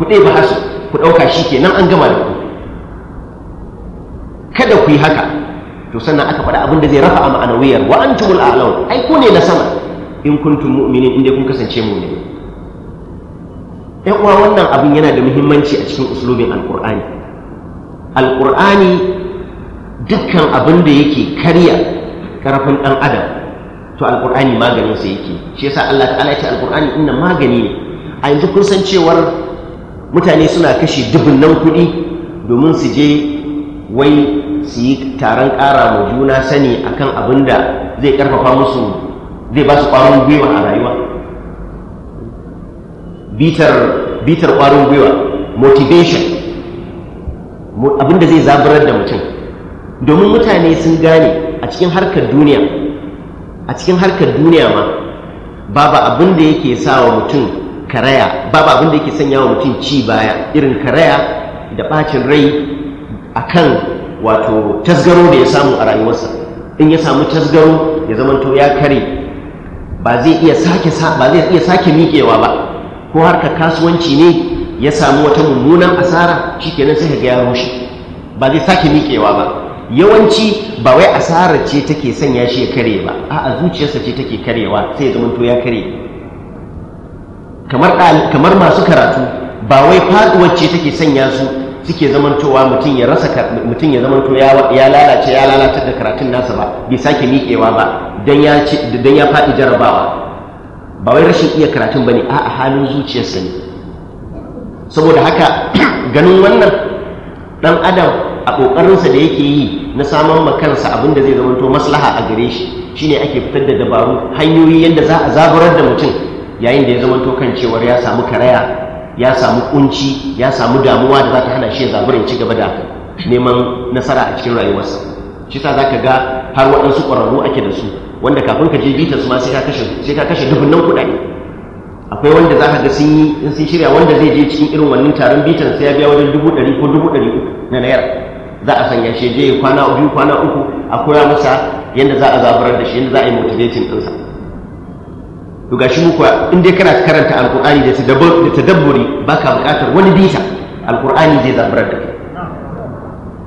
ku ɗeba hasu ku ɗauka shi ke nan an gama da ku kada ku yi haka to sannan aka faɗa abin da zai rafa a ma'anawiyar wa antumul a'laun ai ku ne na sama in kuntum mu'minin inda kun kasance mu'mini ɗan uwa wannan abin yana da muhimmanci a cikin uslubin alqur'ani alqur'ani dukkan abin da yake karya karafin ɗan adam to alqur'ani maganin sa yake shi yasa Allah ta'ala ya ce alqur'ani inna magani ne a yanzu kun san cewar mutane suna kashe dubunnan kuɗi domin su je wai su yi taron ƙara ma juna sani a kan abin da zai ƙarfafa musu zai ba su ƙwarin gwiwa a rayuwa bitar ƙwarin gwiwa motivation abin da zai zaburar da mutum domin mutane sun gane a cikin harkar duniya a cikin harkar duniya ma babu abin da yake sa wa mutum karaya babu abin da yake sanya wa mutum ci baya irin karaya da ɓacin rai a kan. wato tasgaro da ya samu a rayuwarsa in ya samu tasgaro ya to ya kare ba zai iya sake ba zai iya sake miƙewa ba ko ka kasuwanci ne ya samu wata mummunan asara shikenan sai ga ya rushe ba zai sake miƙewa ba yawanci ba wai asara ce take sanya shi ya kare ba a'a zuciyarsa ce take karewa sai ya to ya kare kamar kamar masu karatu ba wai faduwar ce take sanya su suke zamantowa mutum ya rasa mutum ya zamanto ya lalace ya lalatar da karatun nasa ba bai sake miƙewa ba dan ya dan ya faɗi jarabawa ba wai rashin iya karatun bane a halin zuciyarsa ne saboda haka ganin wannan ɗan adam a ƙoƙarinsa da yake yi na samun makansa abinda zai zamanto maslaha a gare shi shine ake fitar da dabaru hanyoyi yadda za a zaburar da mutum yayin da ya zamanto kan cewar ya samu karaya ya samu kunci ya samu damuwa da za ta hana shi ya zaburin ci gaba da neman nasara a cikin rayuwarsa shi sa za ka ga har waɗansu ƙwararru ake da su wanda kafin ka je bita su ma sai ka kashe dubunnan kuɗaɗe akwai wanda za ka ga sun yi in sun shirya wanda zai je cikin irin wannan taron bitan sai ya biya wajen dubu ɗari ko dubu ɗari uku na naira za a sanya shi je kwana biyu kwana uku a koya masa yadda za a zaburar da shi yadda za a yi motivating ɗinsa to gashi muku in dai kana karanta alqur'ani da tadabburi baka buƙatar wani bita alqur'ani zai zabrar da kai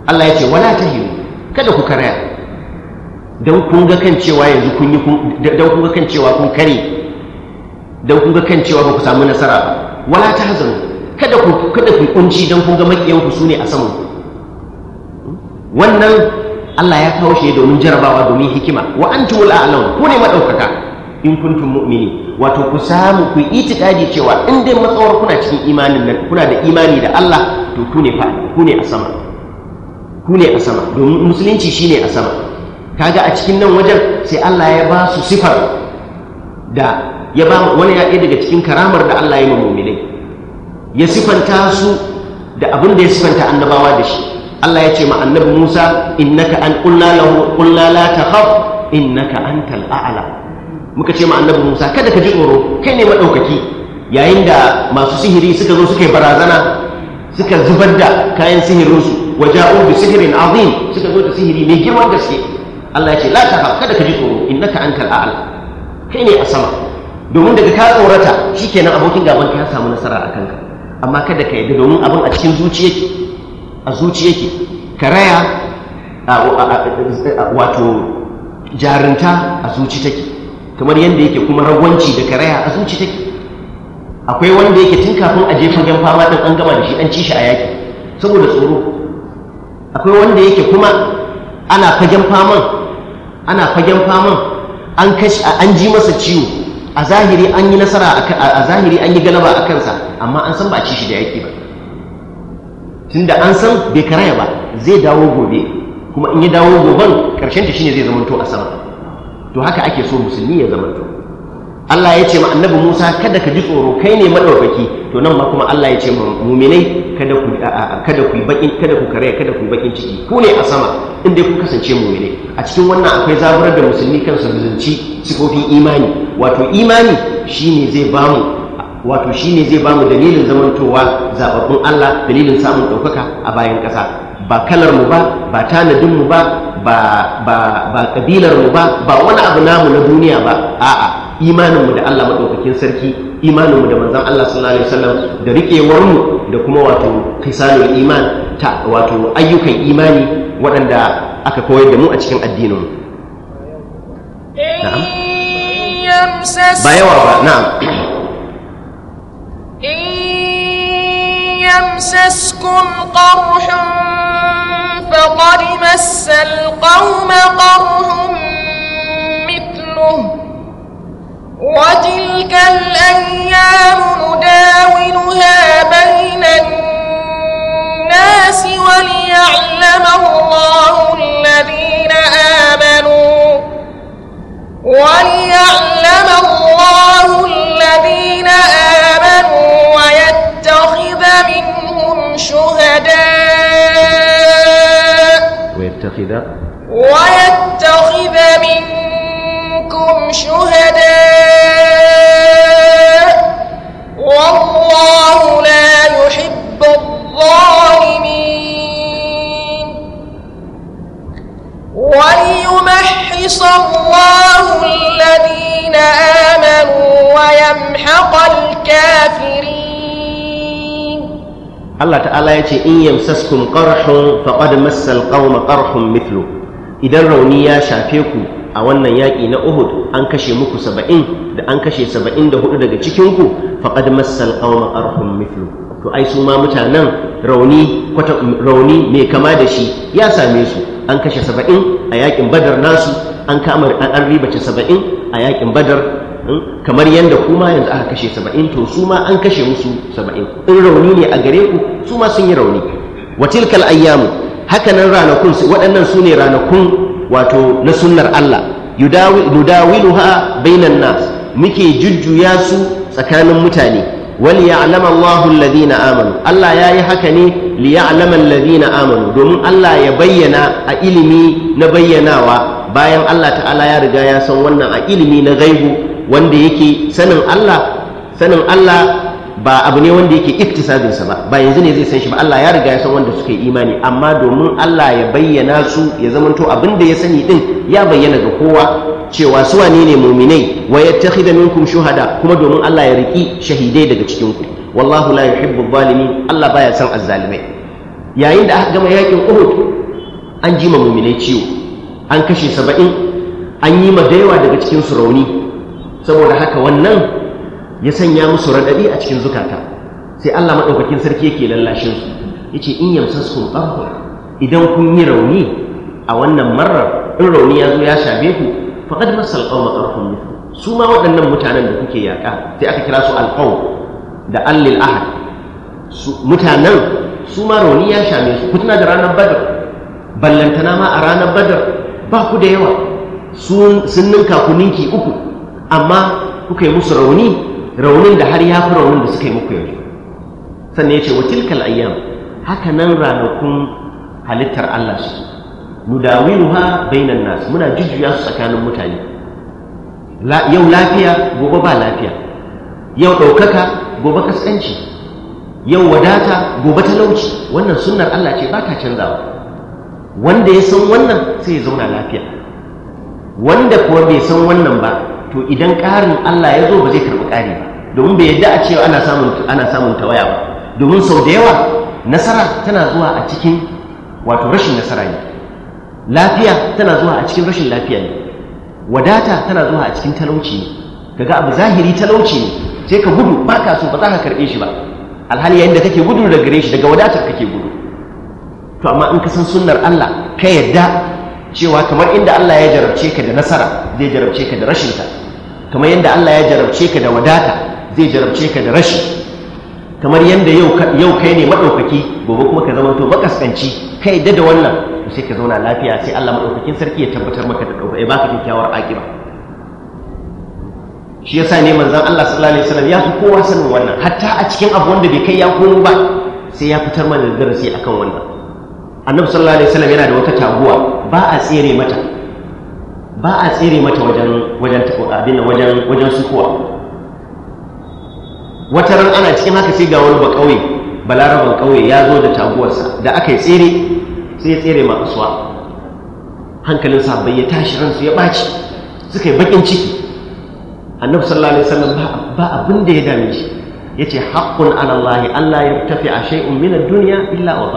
Allah yace wala tahimu kada ku karaya don kun ga kan cewa yanzu kun yi don kun ga kan cewa kun kare don kun ga kan cewa ba ku samu nasara ba wala ta kada ku kada ku kunci don kun ga makiyan ku sune a saman wannan Allah ya kawo shi domin jarabawa domin hikima wa antumul a'lam ku ne madaukaka in kuntum mu'mini wato ku samu ku itikadi cewa in dai matsawar kuna cikin imanin nan kuna da imani da Allah to ku ne fa ku ne a sama ku ne a sama domin musulunci shine a sama kaga a cikin nan wajen sai Allah ya ba su sifar da ya ba wani ya ɗaya daga cikin karamar da Allah ya yi mu'minai ya sifanta su da abin da ya sifanta annabawa da shi Allah ya ce ma annabi Musa innaka an qulna lahu qulna la takhaf innaka antal a'la muka ce ma annabi Musa kada ka ji tsoro kai ne maɗaukaki yayin da masu sihiri suka zo suka yi barazana suka zubar da kayan sihirinsu waja'u bi sihirin azim suka zo da sihiri mai girman gaske Allah ya ce la tahab kada ka ji tsoro innaka antal a'la kai ne a sama domin daga ka tsorata shikenan abokin gaban ka ya samu nasara a kanka amma kada ka yadda domin abin a cikin zuciyake a zuciyake ka raya wato jarinta a zuci take kamar yadda yake kuma ragwanci da karaya a zuci take akwai wanda yake tun kafin a je fagen fama din an gama da shi an ci shi a yaki saboda tsoro akwai wanda yake kuma ana fagen faman ana fagen faman an kashi an ji masa ciwo a zahiri an yi nasara a zahiri an yi galaba a kansa amma an san ba a ci shi da yaki ba tunda an san bai karaya ba zai dawo gobe kuma in ya dawo goben karshen ta shine zai zamanto a sama to haka ake so musulmi ya zama Allah ya ce ma annabi Musa kada ka ji tsoro kai ne madaukaki to nan ma kuma Allah ya ce ma muminai kada ku kada ku bakin kada ku kare kada ku bakin ciki ku ne a sama inda ku kasance muminai a cikin wannan akwai zaburar da musulmi kansa zunci sifofin imani wato imani shine zai bamu wato shine zai bamu dalilin zamantowa zababbun Allah dalilin samun ɗaukaka a bayan ƙasa ba kalar mu ba ba tanadin mu ba ba ba ba kabilar mu ba ba wani abu namu na duniya ba a'a imaninmu da Allah madaukakin sarki imanin da manzon Allah sallallahu alaihi wasallam da riƙewarmu mu da kuma wato kisalul iman ta wato ayyukan imani waɗanda aka koyar da mu a cikin addinin mu ba yawa ba na'am in yamsaskum qarhun فقد مس القوم قرهم مثله وتلك الأيام نداولها بين الناس وليعلم الله الذين آمنوا وليعلم الله الذين آمنوا ويتخذ منهم شهداء كذا ويتخذ من ta'ala ya ce in yamsaskum qarhun faqad massal qauma qarhun mithlu idan rauni ya shafe ku a wannan yaƙi na Uhud an kashe muku saba'in da an kashe saba'in da hudu daga cikinku faƙad massal ƙauma ƙarfin mithlu to ai su ma mutanen rauni kwata rauni mai kama da shi ya same su an kashe saba'in a yaƙin badar nasu an kama an ribace saba'in a yaƙin badar kamar yadda kuma yanzu aka kashe saba'in to su ma an kashe musu saba'in in rauni ne a gare ku su ma sun yi rauni Watilkal tilkal ayyamu hakanan ranakun waɗannan su ne ranakun wato na sunnar Allah yudawiluha bainan nas muke jujjuya su tsakanin mutane wal ya'lamu Allahu alladhina amanu Allah yayi haka ne li ya'lama alladhina amanu domin Allah ya bayyana a ilimi na bayyanawa bayan Allah ta'ala ya riga ya san wannan a ilimi na gaibu wanda yake sanin Allah sanin Allah ba abu ne wanda yake iktisabinsa ba ba yanzu ne zai san shi ba Allah ya riga ya san wanda suka yi imani amma domin Allah ya bayyana su ya zamanto abin da ya sani din ya bayyana ga kowa cewa su wane ne muminai wa yattakhidha minkum shuhada kuma domin Allah ya riki shahidai daga cikin ku wallahu la yuhibbu zalimin Allah baya san azzalimai yayin da aka gama yakin Uhud an ji ma muminai ciwo an kashe saba'in an yi ma daga cikin su rauni saboda haka wannan ya sanya musu raɗaɗi a cikin zukata sai Allah maɗaukakin sarki yake lallashin su yace in yamsaskum qarhu idan kun yi rauni a wannan marar in rauni ya zo ya shabe ku faqad masal qawma qarhum mithlu su ma waɗannan mutanen da kuke yaƙa sai aka kira su alqaw da allil ahad su mutanen su ma rauni ya shame su kuna da ranar badar ballantana ma a ranar badar ba ku da yawa sun ninka ku ninki uku amma kuka yi musu rauni raunin da har ya fi raunin da suka yi muku yau sannan ya ce wa tilkal haka nan ranakun halittar Allah su ha bainan nasu muna jujjuya su tsakanin mutane yau lafiya gobe ba lafiya yau ɗaukaka gobe kaskanci yau wadata gobe talauci wannan sunnar Allah ce ba ta canzawa wanda ya san wannan sai ya zauna lafiya wanda kuwa bai san wannan ba to idan ƙarin Allah ya zo ba zai karɓi ƙari ba domin bai yadda a cewa ana samun ana samun tawaya ba domin sau da yawa nasara tana zuwa a cikin wato rashin nasara ne lafiya tana zuwa a cikin rashin lafiya ne wadata tana zuwa a cikin talauci ne kaga abu zahiri talauci ne sai ka gudu ba ka so ba za ka karɓe shi ba alhali yayin da kake gudu daga gare shi daga wadatar kake gudu to amma in ka san sunnar Allah ka yadda cewa kamar inda Allah ya jarabce ka da nasara zai jarabce ka da rashinta kamar yadda Allah ya jarabce ka da wadata zai jarabce ka da rashi kamar yadda yau kai ne maɗaukaki gobe kuma ka zama to makaskanci kai da da wannan to sai ka zauna lafiya sai Allah maɗaukakin sarki ya tabbatar maka da ɗauka ya baka kyakkyawar akiba shi yasa ne manzon Allah sallallahu alaihi wasallam ya fi kowa sanin wannan hatta a cikin abu wanda bai kai ya komo ba sai ya fitar mana da darasi akan wannan annabi sallallahu alaihi wasallam yana da wata taguwa ba a tsere mata ba a tsere mata wajen wajen abin wajen wajen sukuwa wata ran ana cikin haka sai ga wani ba kauye balaraban kauye ya zo da taguwarsa da aka yi tsere sai ya tsere ma kasuwa hankalin sahabbai ya tashi ransu ya ɓaci suka yi bakin ciki annabi sallallahu alaihi wasallam ba abin da ya dame shi yace haqqun ala allah Allah ya tafi a shay'un min ad-dunya illa wa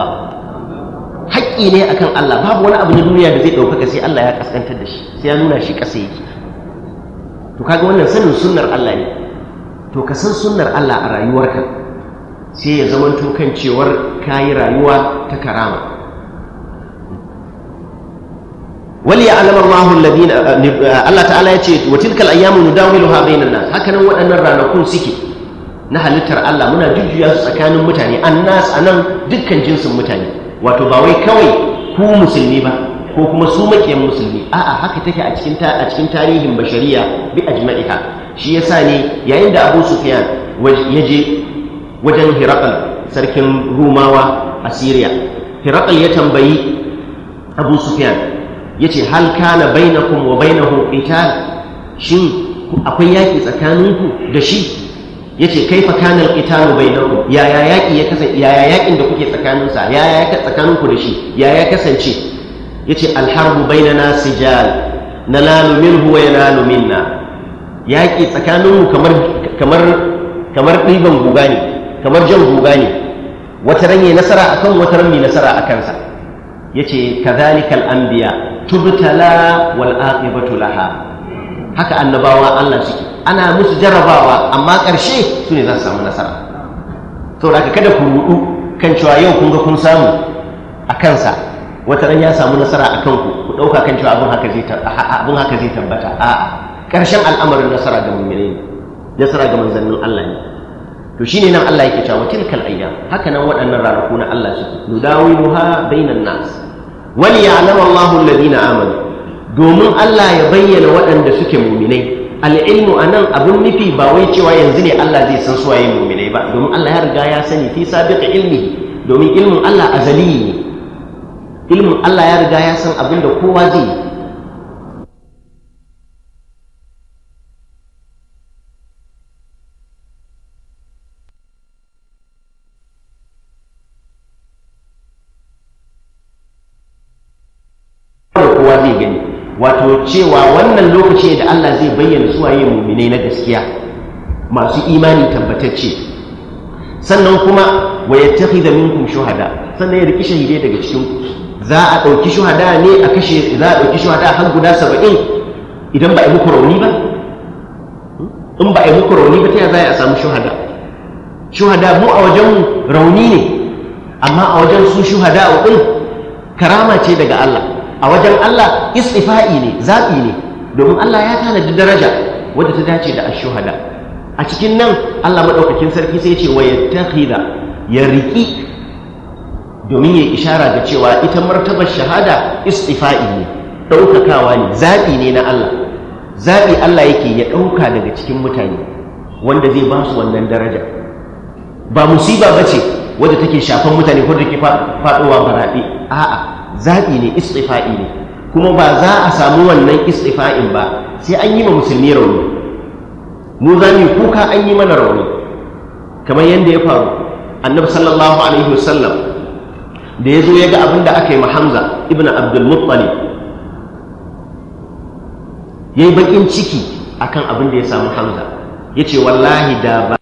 haƙƙi ne akan Allah babu wani abu na duniya da zai ɗaukaka sai Allah ya kaskantar da shi sai ya nuna shi ƙasa yake to kaga wannan sanin sunnar Allah ne to ka san sunnar Allah a rayuwarka sai ya zama kan cewar ka yi rayuwa ta karama wali ya alama Allah ta'ala ya ce wa tilkal ayyamu nudawiluha bainan nas hakanan waɗannan ranakun suke na halittar Allah muna jujjuya su tsakanin mutane annas anan dukkan jinsin mutane wato ba wai kawai ku musulmi ba ko kuma su makiyan musulmi a'a haka take a cikin a cikin tarihin bashariya bi ajma'iha shi yasa ne yayin da Abu Sufyan ya wajen Hiraqal sarkin Rumawa a Syria Hiraqal ya tambayi Abu Sufyan yace hal kana bainakum wa bainahu qital shin akwai yaki tsakaninku da shi yace kaifa kana bai bainakum yaya yaƙi ya kasance yaya yaƙin da kuke tsakaninsa? yaya ya tsakanin ku da shi yaya kasance Ya ce, alharbu Bai na nasi minhu na lalumin huwa ya lalumin na. kamar kamar kamar ɗiban guga ne kamar jan guga ne wata ran yayi nasara kan wata ran mai nasara akan sa yace kadhalikal anbiya tubtala wal aqibatu laha haka annabawa Allah suke ana musu jarrabawa amma ƙarshe su ne za su samu nasara to da kada ku rudu kan cewa yau kun ga kun samu a kansa wata ran ya samu nasara a kanku ku ɗauka kan cewa abin haka zai tabbata a'a ƙarshen al'amarin nasara ga mummune ne nasara ga manzannin Allah ne to shine nan Allah yake cewa tilkal ayyam haka nan waɗannan ranaku na Allah suke nudawiluha bainan nas wal ya'lamu Allahu alladhina amanu domin Allah ya bayyana waɗanda suke muminai al'ilmu a nan abin nufi ba wai cewa yanzu ne Allah zai san suwaye muminai ba domin Allah ya riga ya sani fi sabiq ilmi domin ilmin Allah azali ne ilmin Allah ya riga ya san abin da kowa zai yi cewa wannan lokaci da Allah zai bayyana suwaye muminai na gaskiya masu imani tabbatacce sannan kuma wa yattakhidha minkum shuhada sannan ya riki shahide daga cikin ku za a ɗauki shuhada ne a kashe za a ɗauki shuhada har guda saba'in idan ba a yi muku rauni ba hmm? in ba a yi muku rauni ba ta za a samu shuhada shuhada mu a wajen rauni ne amma a wajen su shuhada a karama ce daga Allah a wajen Allah istifa'i ne zaɓi ne domin Allah ya tanadi daraja wadda ta dace da ashuhada a cikin nan Allah maɗaukakin sarki sai ce wa yattakhidha ya riki domin ya ishara da cewa ita martabar shahada istifa'i ne ɗaukakawa ne zaɓi ne na Allah zaɓi Allah yake ya ɗauka daga cikin mutane wanda zai ba su wannan daraja ba musiba ba ce wadda take shafan mutane ko da ke faɗowa a'a zaɓi ne istifa'i ne kuma ba za a samu wannan istifa'in ba sai an yi ma musulmi rauni mu za mu kuka an yi mana rauni kamar yadda ya faru annabi sallallahu alaihi wasallam da ya zo ya ga abin da aka yi hamza ibn Abdul abdulmuttalib ya yi baƙin ciki akan abin da ya samu hamza ya ce wallahi da ba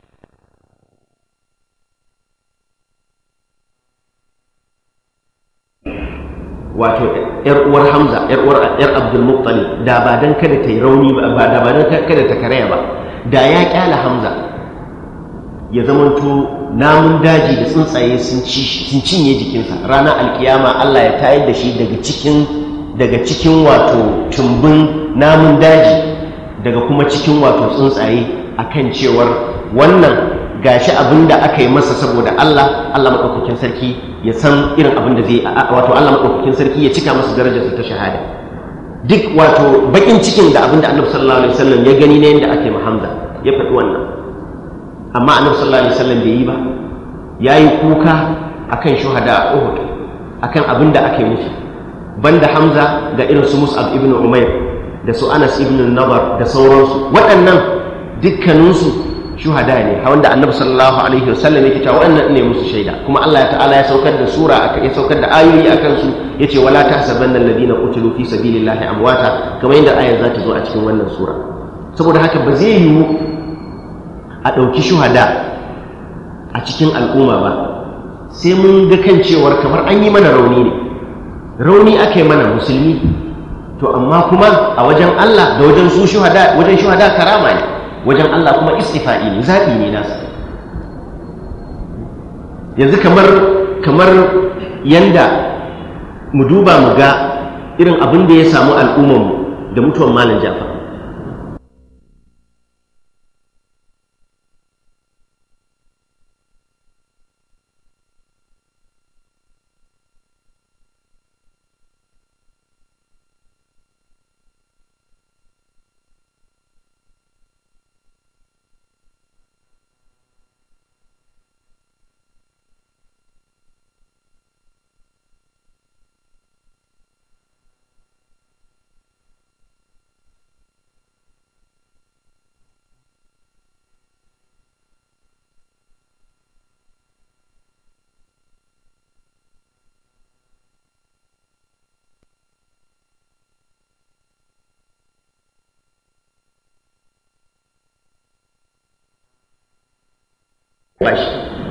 wato yar uwar hamza yar uwar yar abdul muqtali da ba dan kada ta yi rauni ba da ba dan kada ta karaya ba da ya kyala hamza ya zamanto namun daji da tsuntsaye sun cinye jikinsa ranar alkiyama allah ya tayar da shi daga cikin daga cikin wato tumbin namun daji daga kuma cikin wato tsuntsaye akan cewar wannan gashi abin da aka yi masa saboda allah allah maɗaukakin sarki ya san irin abin da zai wato Allah maɗaukakin sarki ya cika masa darajarsa ta shahada duk wato bakin cikin da abin da Annabi sallallahu alaihi wasallam ya gani ne yadda ake Hamza ya faɗi wannan amma Annabi sallallahu alaihi wasallam bai yi ba Ya yi kuka akan shuhada a Uhud akan abin da ake musu banda Hamza ga irin su Mus'ab ibn Umair da su Anas ibn Nadar da sauransu waɗannan dukkaninsu shuhada ne wanda annabi sallallahu alaihi wasallam yake cewa wannan ne musu shaida kuma Allah ta'ala ya saukar da sura aka ya saukar da ayoyi akan su yace wala tahsabanna alladhina qutilu fi sabilillahi amwata kamar yadda ayar za ta zo a cikin wannan sura saboda haka ba zai yiwu a ɗauki shuhada a cikin al'umma ba sai mun ga kan cewar kamar an yi mana rauni ne rauni aka yi mana musulmi to amma kuma a wajen Allah da wajen su shuhada wajen shuhada karama ne wajen Allah kuma istifa'i ne zaɓi ne nasu yanzu kamar kamar yanda mu duba mu ga irin abin da ya samu al'ummarmu da mutuwar malam jafa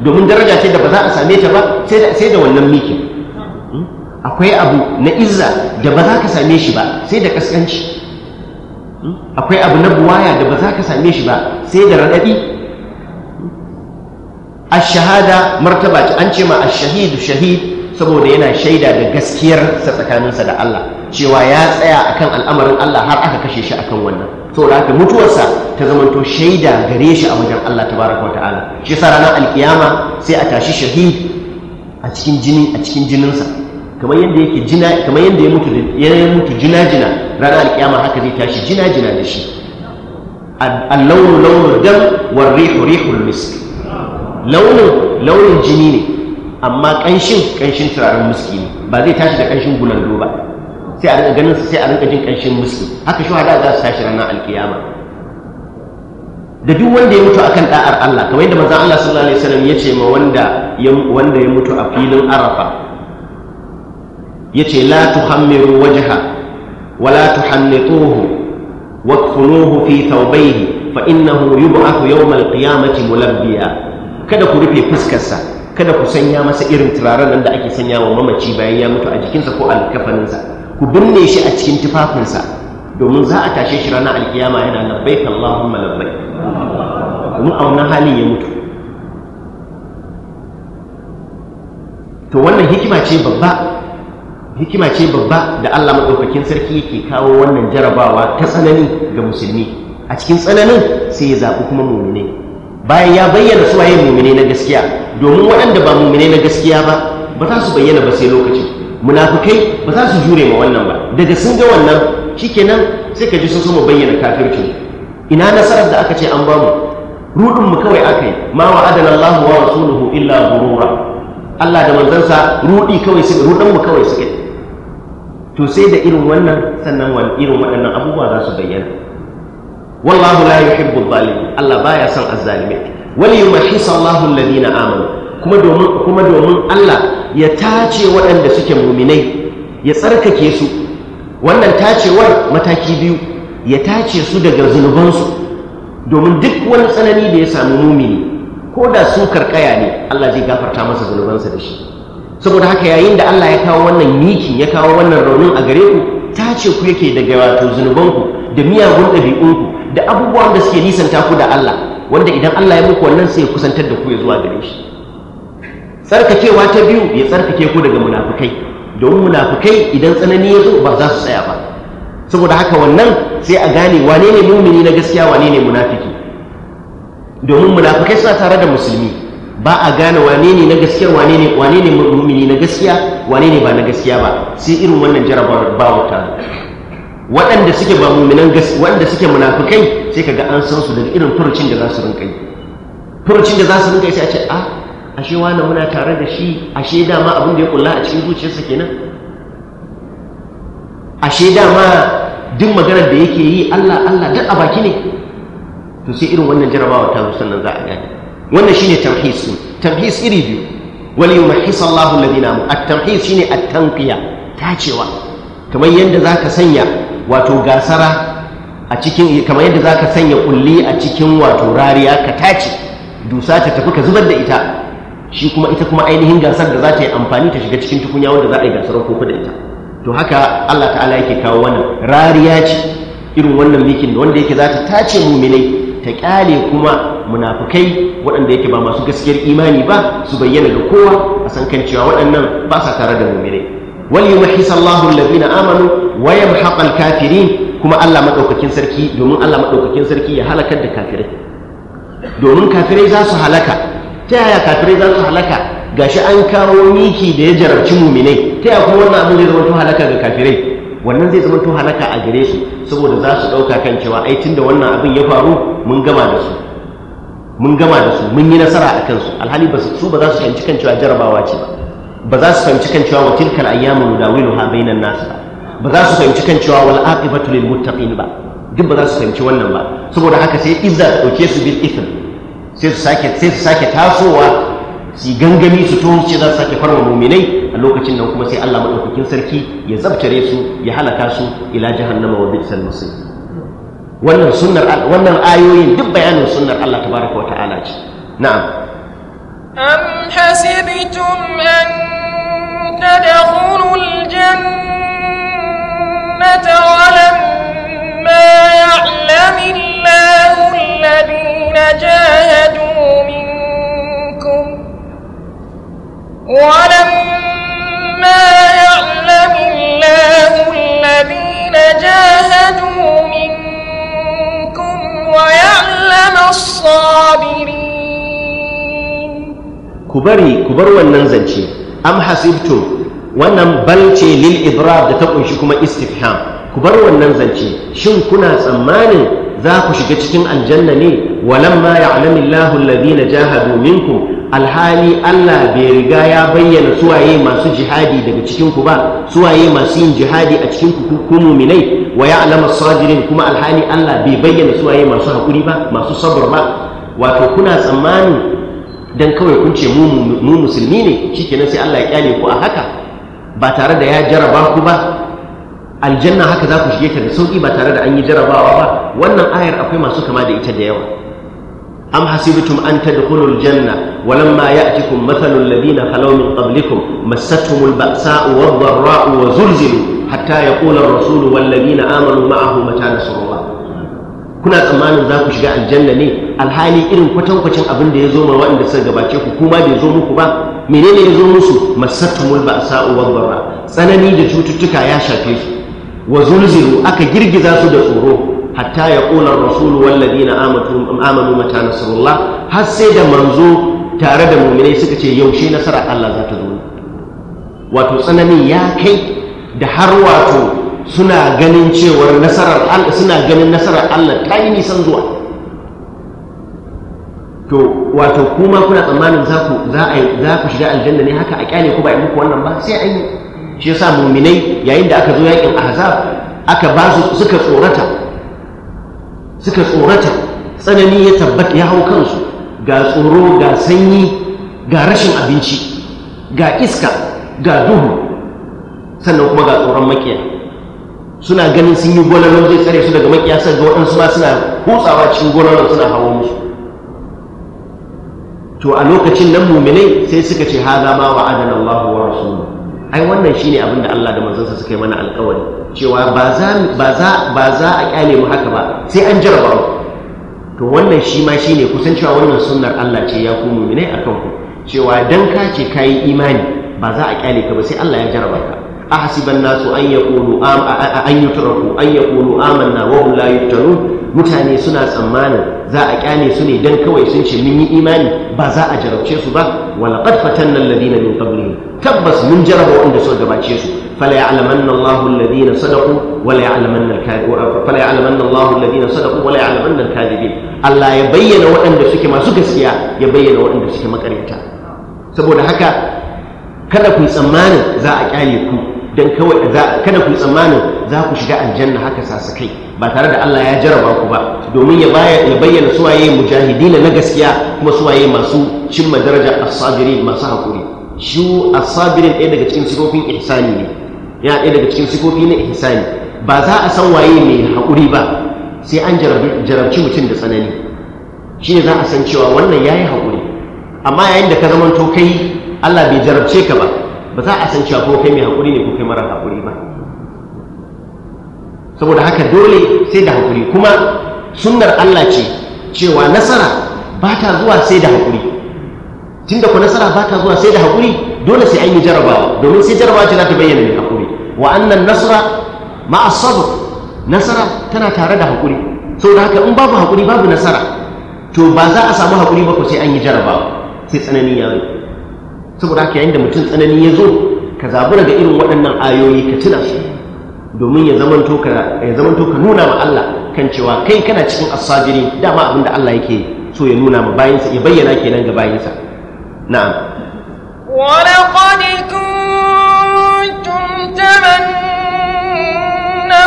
domin daraja ce da ba za a same ta ba sai da wannan mikin hmm? akwai abu na izza da ba za ka same shi ba sai da kaskanci hmm? akwai abu na buwaya da ba za ka same shi ba sai da raɗaɗi hmm? ash-shahada martaba ce an ce ma ash-shahidu shahid saboda yana shaida da gaskiyar sa tsakaninsa da Allah cewa ya tsaya akan al'amarin Allah har aka kashe shi akan wannan saboda haka mutuwarsa ta zamanto shaida gare shi a wajen Allah tabaraka wa ta'ala shi yasa ranar alkiyama sai a tashi shahid a cikin jini a cikin jininsa kamar yadda yake jina kamar yadda ya mutu ya mutu jina jina ranar alkiyama haka zai tashi jina jina da shi al-lawnu lawnu dam war rihu rihul misk launin jini ne amma kanshin kanshin turaren miski ne ba zai tashi da kanshin gulando ba sai a ganin su sai a rinka jin ƙanshin musu haka hada za su tashi ranar alkiyama da duk wanda ya mutu akan da'ar Allah kamar yadda manzon Allah sallallahu alaihi wasallam ya ce ma wanda ya wanda ya mutu a filin Arafa yace la tuhammiru wajha wa la tuhannituhu wakfunuhu fi thawbayhi fa innahu yub'athu yawm al-qiyamati mulabbiya kada ku rufe fuskarsa kada ku sanya masa irin turaren nan da ake sanya wa mamaci bayan ya mutu a jikinsa ko alkafaninsa ku binne shi a cikin tufafinsa domin za a tashe shi ranar alkiyama yana labbaik Allahumma malabbai domin a wannan halin ya mutu to wannan hikima ce babba hikima ce babba da Allah maɗaukakin sarki yake kawo wannan jarabawa ta tsanani ga musulmi a cikin tsananin sai ya zaɓi kuma mumine bayan ya bayyana suwaye mumine na gaskiya domin waɗanda ba mumine na gaskiya ba ba za su bayyana ba sai lokaci munafukai ba za su jure ma wannan ba daga sun ga wannan shikenan sai ka ji sun so mu bayyana kafirci ina nasarar da aka ce an bamu rudin mu kawai aka yi ma adana Allahu wa rasuluhu illa gurura. Allah da manzansa rudi kawai suka rudin mu kawai suke. to sai da irin wannan sannan wani irin waɗannan abubuwa za su bayyana wallahu la yuhibbu adh-dhalimin Allah baya son azzalimin wal yumahhis Allahu alladhina amanu kuma domin kuma domin Allah ya tace waɗanda suke muminai ya tsarkake su wannan tacewar mataki biyu ya tace su daga zunubansu domin duk wani tsanani da ya sami mumini ko da su karkaya ne Allah zai gafarta masa zunubansa da shi saboda haka yayin da Allah ya kawo wannan miki ya kawo wannan raunin a gare ku tace ku yake daga wato zunubanku da miyagun ɗabi'unku da abubuwan da suke nisanta ku da Allah wanda idan Allah ya muku wannan sai ya kusantar da ku ya zuwa gare shi tsarkakewa ta biyu ya tsarkake ku daga munafukai domin munafukai idan tsanani ya zo ba za su tsaya ba saboda haka wannan sai a gane wane ne mumini na gaskiya wane ne munafiki domin munafukai suna tare da musulmi ba a gane wane ne na gaskiya wane ne wane ne mumini na gaskiya wane ne ba na gaskiya ba sai irin wannan jarabar waɗanda suke ba muminan gaskiya waɗanda suke munafukai sai kaga an san su daga irin furucin da za su rinka yi furucin da za su rinka yi sai a ce a ah, ashe wani muna tare da shi ashe dama abin da ya kula a cikin zuciyarsa kenan ashe dama duk maganar da yake yi Allah Allah duk a baki ne to sai irin wannan jarabawa ta zo sannan za a gane wannan shine tamhis din tamhis iri biyu wal yumahhis Allahu alladhina amu at-tamhis shine at-tanqiya tacewa kamar yadda za ka sanya wato gasara a cikin kamar yadda za ka sanya kulli a cikin wato rariya ka tace dusa ta tafi ka zubar da ita shi kuma ita kuma ainihin gasar da za ta yi amfani ta shiga cikin tukunya wanda za a yi gasar koko da ita to haka Allah ta'ala yake kawo wannan rariya ce irin wannan mikin da wanda yake za ta tace muminai ta kyale kuma munafukai waɗanda yake ba masu gaskiyar imani ba su bayyana ga kowa a san kan cewa waɗannan ba sa tare da muminai wal yumhis Allahu alladhina amanu wa yamhaq al-kafirin kuma Allah madaukakin sarki domin Allah madaukakin sarki ya halakar da kafirai domin kafirai za su halaka ta yaya kafirai za su halaka gashi an kawo miki da ya jarabci muminai ta yaya kuma wannan abin zai zama to halaka ga kafirai wannan zai zama to halaka a gare su saboda za su ɗauka kan cewa ai tunda wannan abin ya faru mun gama da su mun gama da su mun yi nasara a kansu alhali ba su ba za su fahimci kan cewa jarabawa ce ba ba za su fahimci kan cewa wa tilkal ayyamu nudawiluha bainan nas ba ba za su fahimci kan cewa wal aqibatu lil muttaqin ba duk ba za su fahimci wannan ba saboda haka sai izza dauke su bil ithm sai su sake sai su sake tasowa su gangami su to ce za su sake farma muminai a lokacin nan kuma sai Allah madaukakin sarki ya zabtare su ya halaka su ila jahannama wa bi'sal masir wannan sunnar wannan ayoyin duk bayanin sunnar Allah tabaraka wa ta'ala ce na'am am hasibtum an tadkhulul jannata wa ma ya'lamu Allahu alladhi جاهدوا منكم ولما يعلم الله الذين جاهدوا منكم ويعلم الصابرين كبري كبر والننزلشي أم حسبتم wannan balce lil ibrar da ta kunshi kuma istifham ku bar wannan zance shin kuna tsammanin za ku shiga cikin aljanna ne walamma ya'lamu Allahu alladhina jahadu minkum alhali Allah bai riga ya bayyana suwaye masu jihadi daga cikin ku ba suwaye masu yin jihadi a cikin ku mu'minai wa ya as-sabirin kuma alhali Allah bai bayyana suwaye masu hakuri ba masu sabr ba wato kuna tsammani dan kawai kun ce mu musulmi ne shikenan sai Allah ya kyale ku a haka ba tare da ya jaraba ku ba aljanna haka za ku shige ta da sauki ba tare da an yi jarabawa ba wannan ayar akwai masu kama da ita da yawa am hasibtum an tadkhulul janna walamma ya'tikum mathalul ladina khalaw min qablikum massatuhumul ba'sa'u wadh-dharra'u wa zulzilu hatta yaqula ar-rasulu wal ladina amanu ma'ahu mata nasrullah kuna tsammanin za ku shiga aljanna ne alhali irin kwatankwacin abin da ya zo ma waɗanda suka gabace ku kuma bai zo muku ba menene ya zo musu masatumul ba'sa wa barra tsanani da cututtuka ya shafe su wa zulzilu aka girgiza su da tsoro hatta ya ƙola rasulu wallazi na amanu mata nasarullah har sai da manzo tare da muminai suka ce yaushe nasara Allah za ta zo wato tsananin ya kai da har wato suna ganin cewar nasarar Allah suna ganin nasarar Allah ta yi nisan zuwa to wato kuma kuna tsammanin za ku za a za ku shiga aljanna ne haka a kyale ko ba yi muku wannan ba sai a yi shi yasa muminai yayin da aka zo yakin ahzab aka ba su suka tsorata suka tsorata tsanani ya tabbata ya hau kansu ga tsoro ga sanyi ga rashin abinci ga iska ga duhu sannan kuma ga tsoron makiya suna ganin sun yi gonarar zai tsare su daga makiya sai ga waɗansu ba suna hutsawa cikin gonarar suna hawa musu to a lokacin nan muminai sai suka ce haza ma wa'adana Allah wa rasuluhu ai wannan shine abin da Allah da manzansa suka yi mana alkawari cewa ba za a kyale mu haka ba sai an jarraba mu to wannan shi ma shine kusan cewa wannan sunnar Allah ce ya ku mu'minai akan ku cewa dan ka ce imani ba za a kyale ka ba sai Allah ya jarraba ka ahsiban nasu an yaqulu am an yutraku an amanna wa hum la mutane suna tsammanin za a kyale su ne don kawai sun ce mun yi imani ba za a jarabce su ba walaqad fatanna alladhina min qablihim tabbas mun jaraba wanda suka gabace su fala ya'lamanna Allahu alladhina sadaqu wala ya'lamanna al-kadhibin fala ya'lamanna Allahu alladhina sadaqu wala ya'lamanna al-kadhibin Allah ya bayyana waɗanda suke masu gaskiya ya bayyana waɗanda suke makaryata saboda haka kada ku tsammanin za a kyale ku don kawai kada ku tsammanin za ku shiga aljanna haka kai, ba tare da Allah ya jaraba ku ba domin ya bayyana suwaye mujahidina na gaskiya kuma suwaye masu cimma daraja as-sabiri masu hakuri shi as-sabirin ɗaya daga cikin sifofin ihsani ne ya ɗaya daga cikin sifofi na ihsani ba za a san waye mai hakuri ba sai an jarabci mutum da tsanani shi ne za a san cewa wannan ya yi hakuri amma yayin da ka zamanto kai Allah bai jarabce ka ba ba za a san cewa ko kai mai haƙuri ne ko kai mara haƙuri ba saboda haka dole sai da haƙuri kuma sunnar Allah ce cewa nasara ba ta zuwa sai da haƙuri da ku nasara ba ta zuwa sai da haƙuri dole sai an yi jarabawa domin sai jarabawa ce za ta bayyana mai haƙuri wa annan nasara ma'a nasara tana tare da haƙuri saboda haka in babu haƙuri babu nasara to ba za a samu haƙuri ba ko sai an yi jarabawa sai tsananin ya saboda haka yayin da mutum tsanani ya zo ka zabura ga irin waɗannan ayoyi ka tuna su domin ya zamanto ka ya ka nuna ma Allah kan cewa kai kana cikin asajiri dama abin da Allah yake so ya nuna ma bayin sa ya bayyana kenan ga bayin sa na'am wa laqad kuntum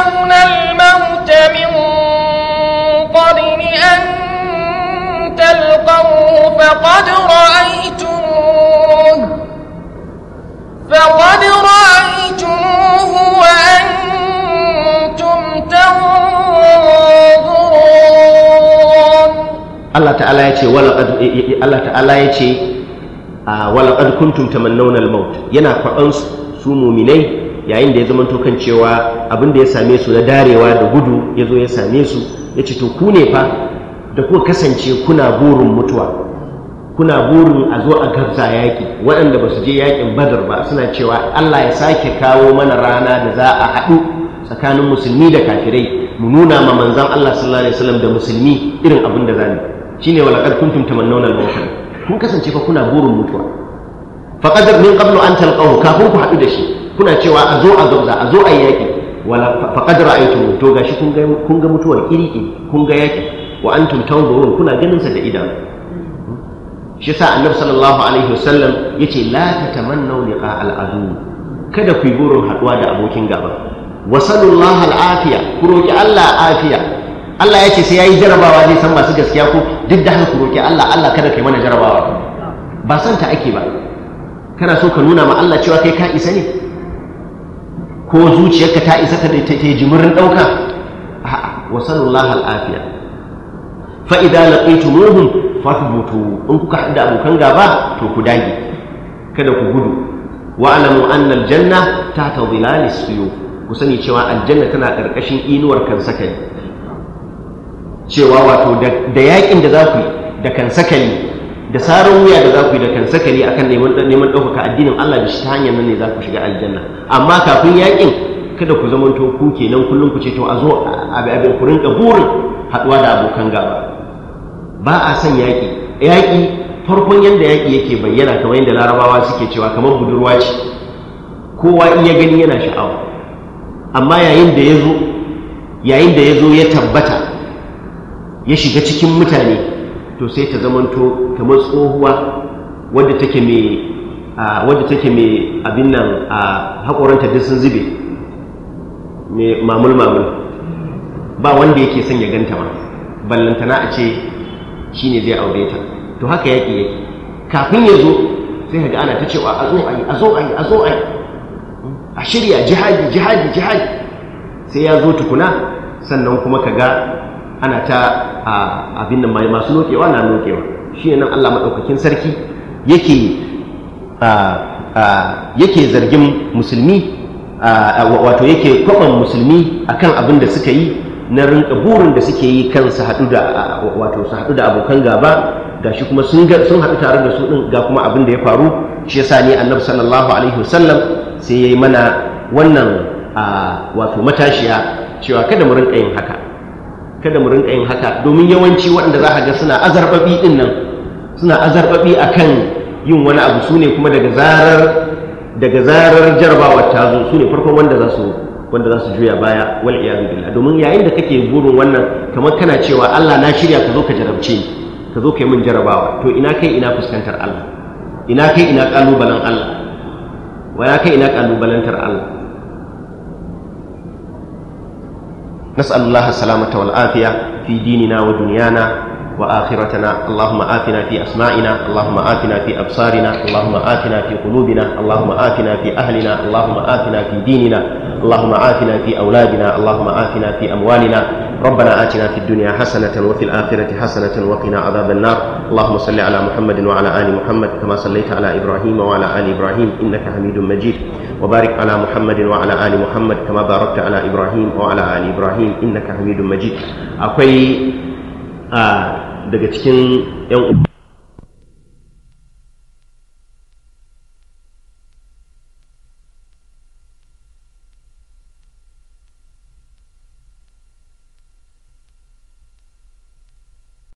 كنتم al-maut min قبل an تلقوه فقد رأيتم Allah ta'ala ya ce Allah ta'ala ya ce a walaƙad kuntum tamannawna al-maut yana kwaban su muminai yayin da ya zama tokan cewa abin da ya same su na darewa da gudu ya zo ya same su ce to ku ne fa da ku kasance kuna burin mutuwa kuna burin a zo a gabza yaƙi waɗanda ba su je yaƙin badar ba suna cewa allah ya sake kawo mana rana da za a haɗu tsakanin musulmi da kafirai mu nuna ma manzan allah sallallahu alaihi wasallam da musulmi irin abin da zamu shine kad kuntum tamannawna al-mawt kun kasance fa kuna burin mutuwa faqad min qablu an talqahu kafin ku haɗu da shi kuna cewa a zo a gabza a zo a yaƙi wala faqad ra'aytum to gashi kun ga kun ga mutuwar kiri kun ga yaƙi wa antum tanzurun kuna ganin sa da idanu shi sa annabi sallallahu alaihi wasallam yace la tatamannu liqa al-adu kada ku yi burin haduwa da abokin gaba wasallallahu al-afiya ku roki Allah afiya Allah yace sai yayi jarabawa zai san masu gaskiya ko duk da haka ku roki Allah Allah kada kai mana jarabawa ba san ta ake ba kana so ka nuna ma Allah cewa kai ka isa ne ko zuciyarka ta isa ta ta jimirin dauka a'a wasallallahu al-afiya fa idza laqitumuhum mutu in kuka haɗa abokan gaba to ku dage kada ku gudu wa alamu anna aljanna ta dhilali suyu ku sani cewa aljanna tana ƙarƙashin inuwar kan cewa wato da yakin da za ku yi da kan da sarar wuya da za ku yi da kan sakali akan neman ɗaukaka addinin Allah da shi ta hanyar nan ne za ku shiga aljanna amma kafin yakin kada ku zamanto ku kenan kullum ku ce to a zo abin ku rinka burin haɗuwa da abokan gaba ba a son yaƙi yaƙi farkon yadda yaƙi yake bayyana kamar yadda larabawa suke cewa kamar budurwa ce kowa in ya gani yana sha'awa amma yayin da ya zo yayin da ya zo ya tabbata ya shiga cikin mutane to sai ta zamanto kamar tsohuwa wadda take mai wadda take mai abin nan a haƙoranta duk sun zube mai mamul-mamul ba wanda yake son ya ganta ba ballantana a ce Shi ne zai aure ta to haka yaƙi yake kafin ya zo sai ga ana ta cewa a zo a yi a zo a yi a zo a yi a shirya jihadi jihadi jihadi sai ya zo tukuna sannan kuma ka ga ana ta abin nan masu lokewa na lokewa shi ne nan Allah maɗaukakin sarki yake zargin musulmi wato yake kwaɓan musulmi akan abin da suka yi na rinka burin da suke yi kan haɗu da wato su haɗu da abokan gaba gashi kuma sun sun haɗu tare da su ɗin ga kuma abin da ya faru shi yasa ne annabi sallallahu alaihi wasallam sai yayi mana wannan wato matashiya cewa kada mu rinka yin haka kada mu rinka yin haka domin yawanci waɗanda za a ga suna azarbabi ɗin nan suna azarbabi akan yin wani abu su ne kuma daga zarar daga zarar jarabawar ta zo su ne farkon wanda za su wanda za su juya baya wal iyadu billah domin yayin da kake burin wannan kamar kana cewa Allah na shirya ka zo ka jarabce ni ka zo ka yi min jarabawa to ina kai ina fuskantar Allah ina kai ina kalubalen Allah wa ya kai ina kalubalantar Allah nas'alullaha salamata wal afiya fi dinina wa dunyana وآخرتنا اللهم آتنا في أسماعنا اللهم آتنا في أبصارنا اللهم آتنا في قلوبنا اللهم آتنا في أهلنا اللهم آتنا في ديننا اللهم آتنا في أولادنا اللهم آتنا في أموالنا ربنا آتنا في الدنيا حسنة وفي الآخرة حسنة وقنا عذاب النار اللهم صل على محمد وعلى آل محمد كما صليت على إبراهيم وعلى آل إبراهيم إنك حميد مجيد وبارك على محمد وعلى آل محمد كما باركت على إبراهيم وعلى آل إبراهيم إنك حميد مجيد أكوي آه daga cikin 'yan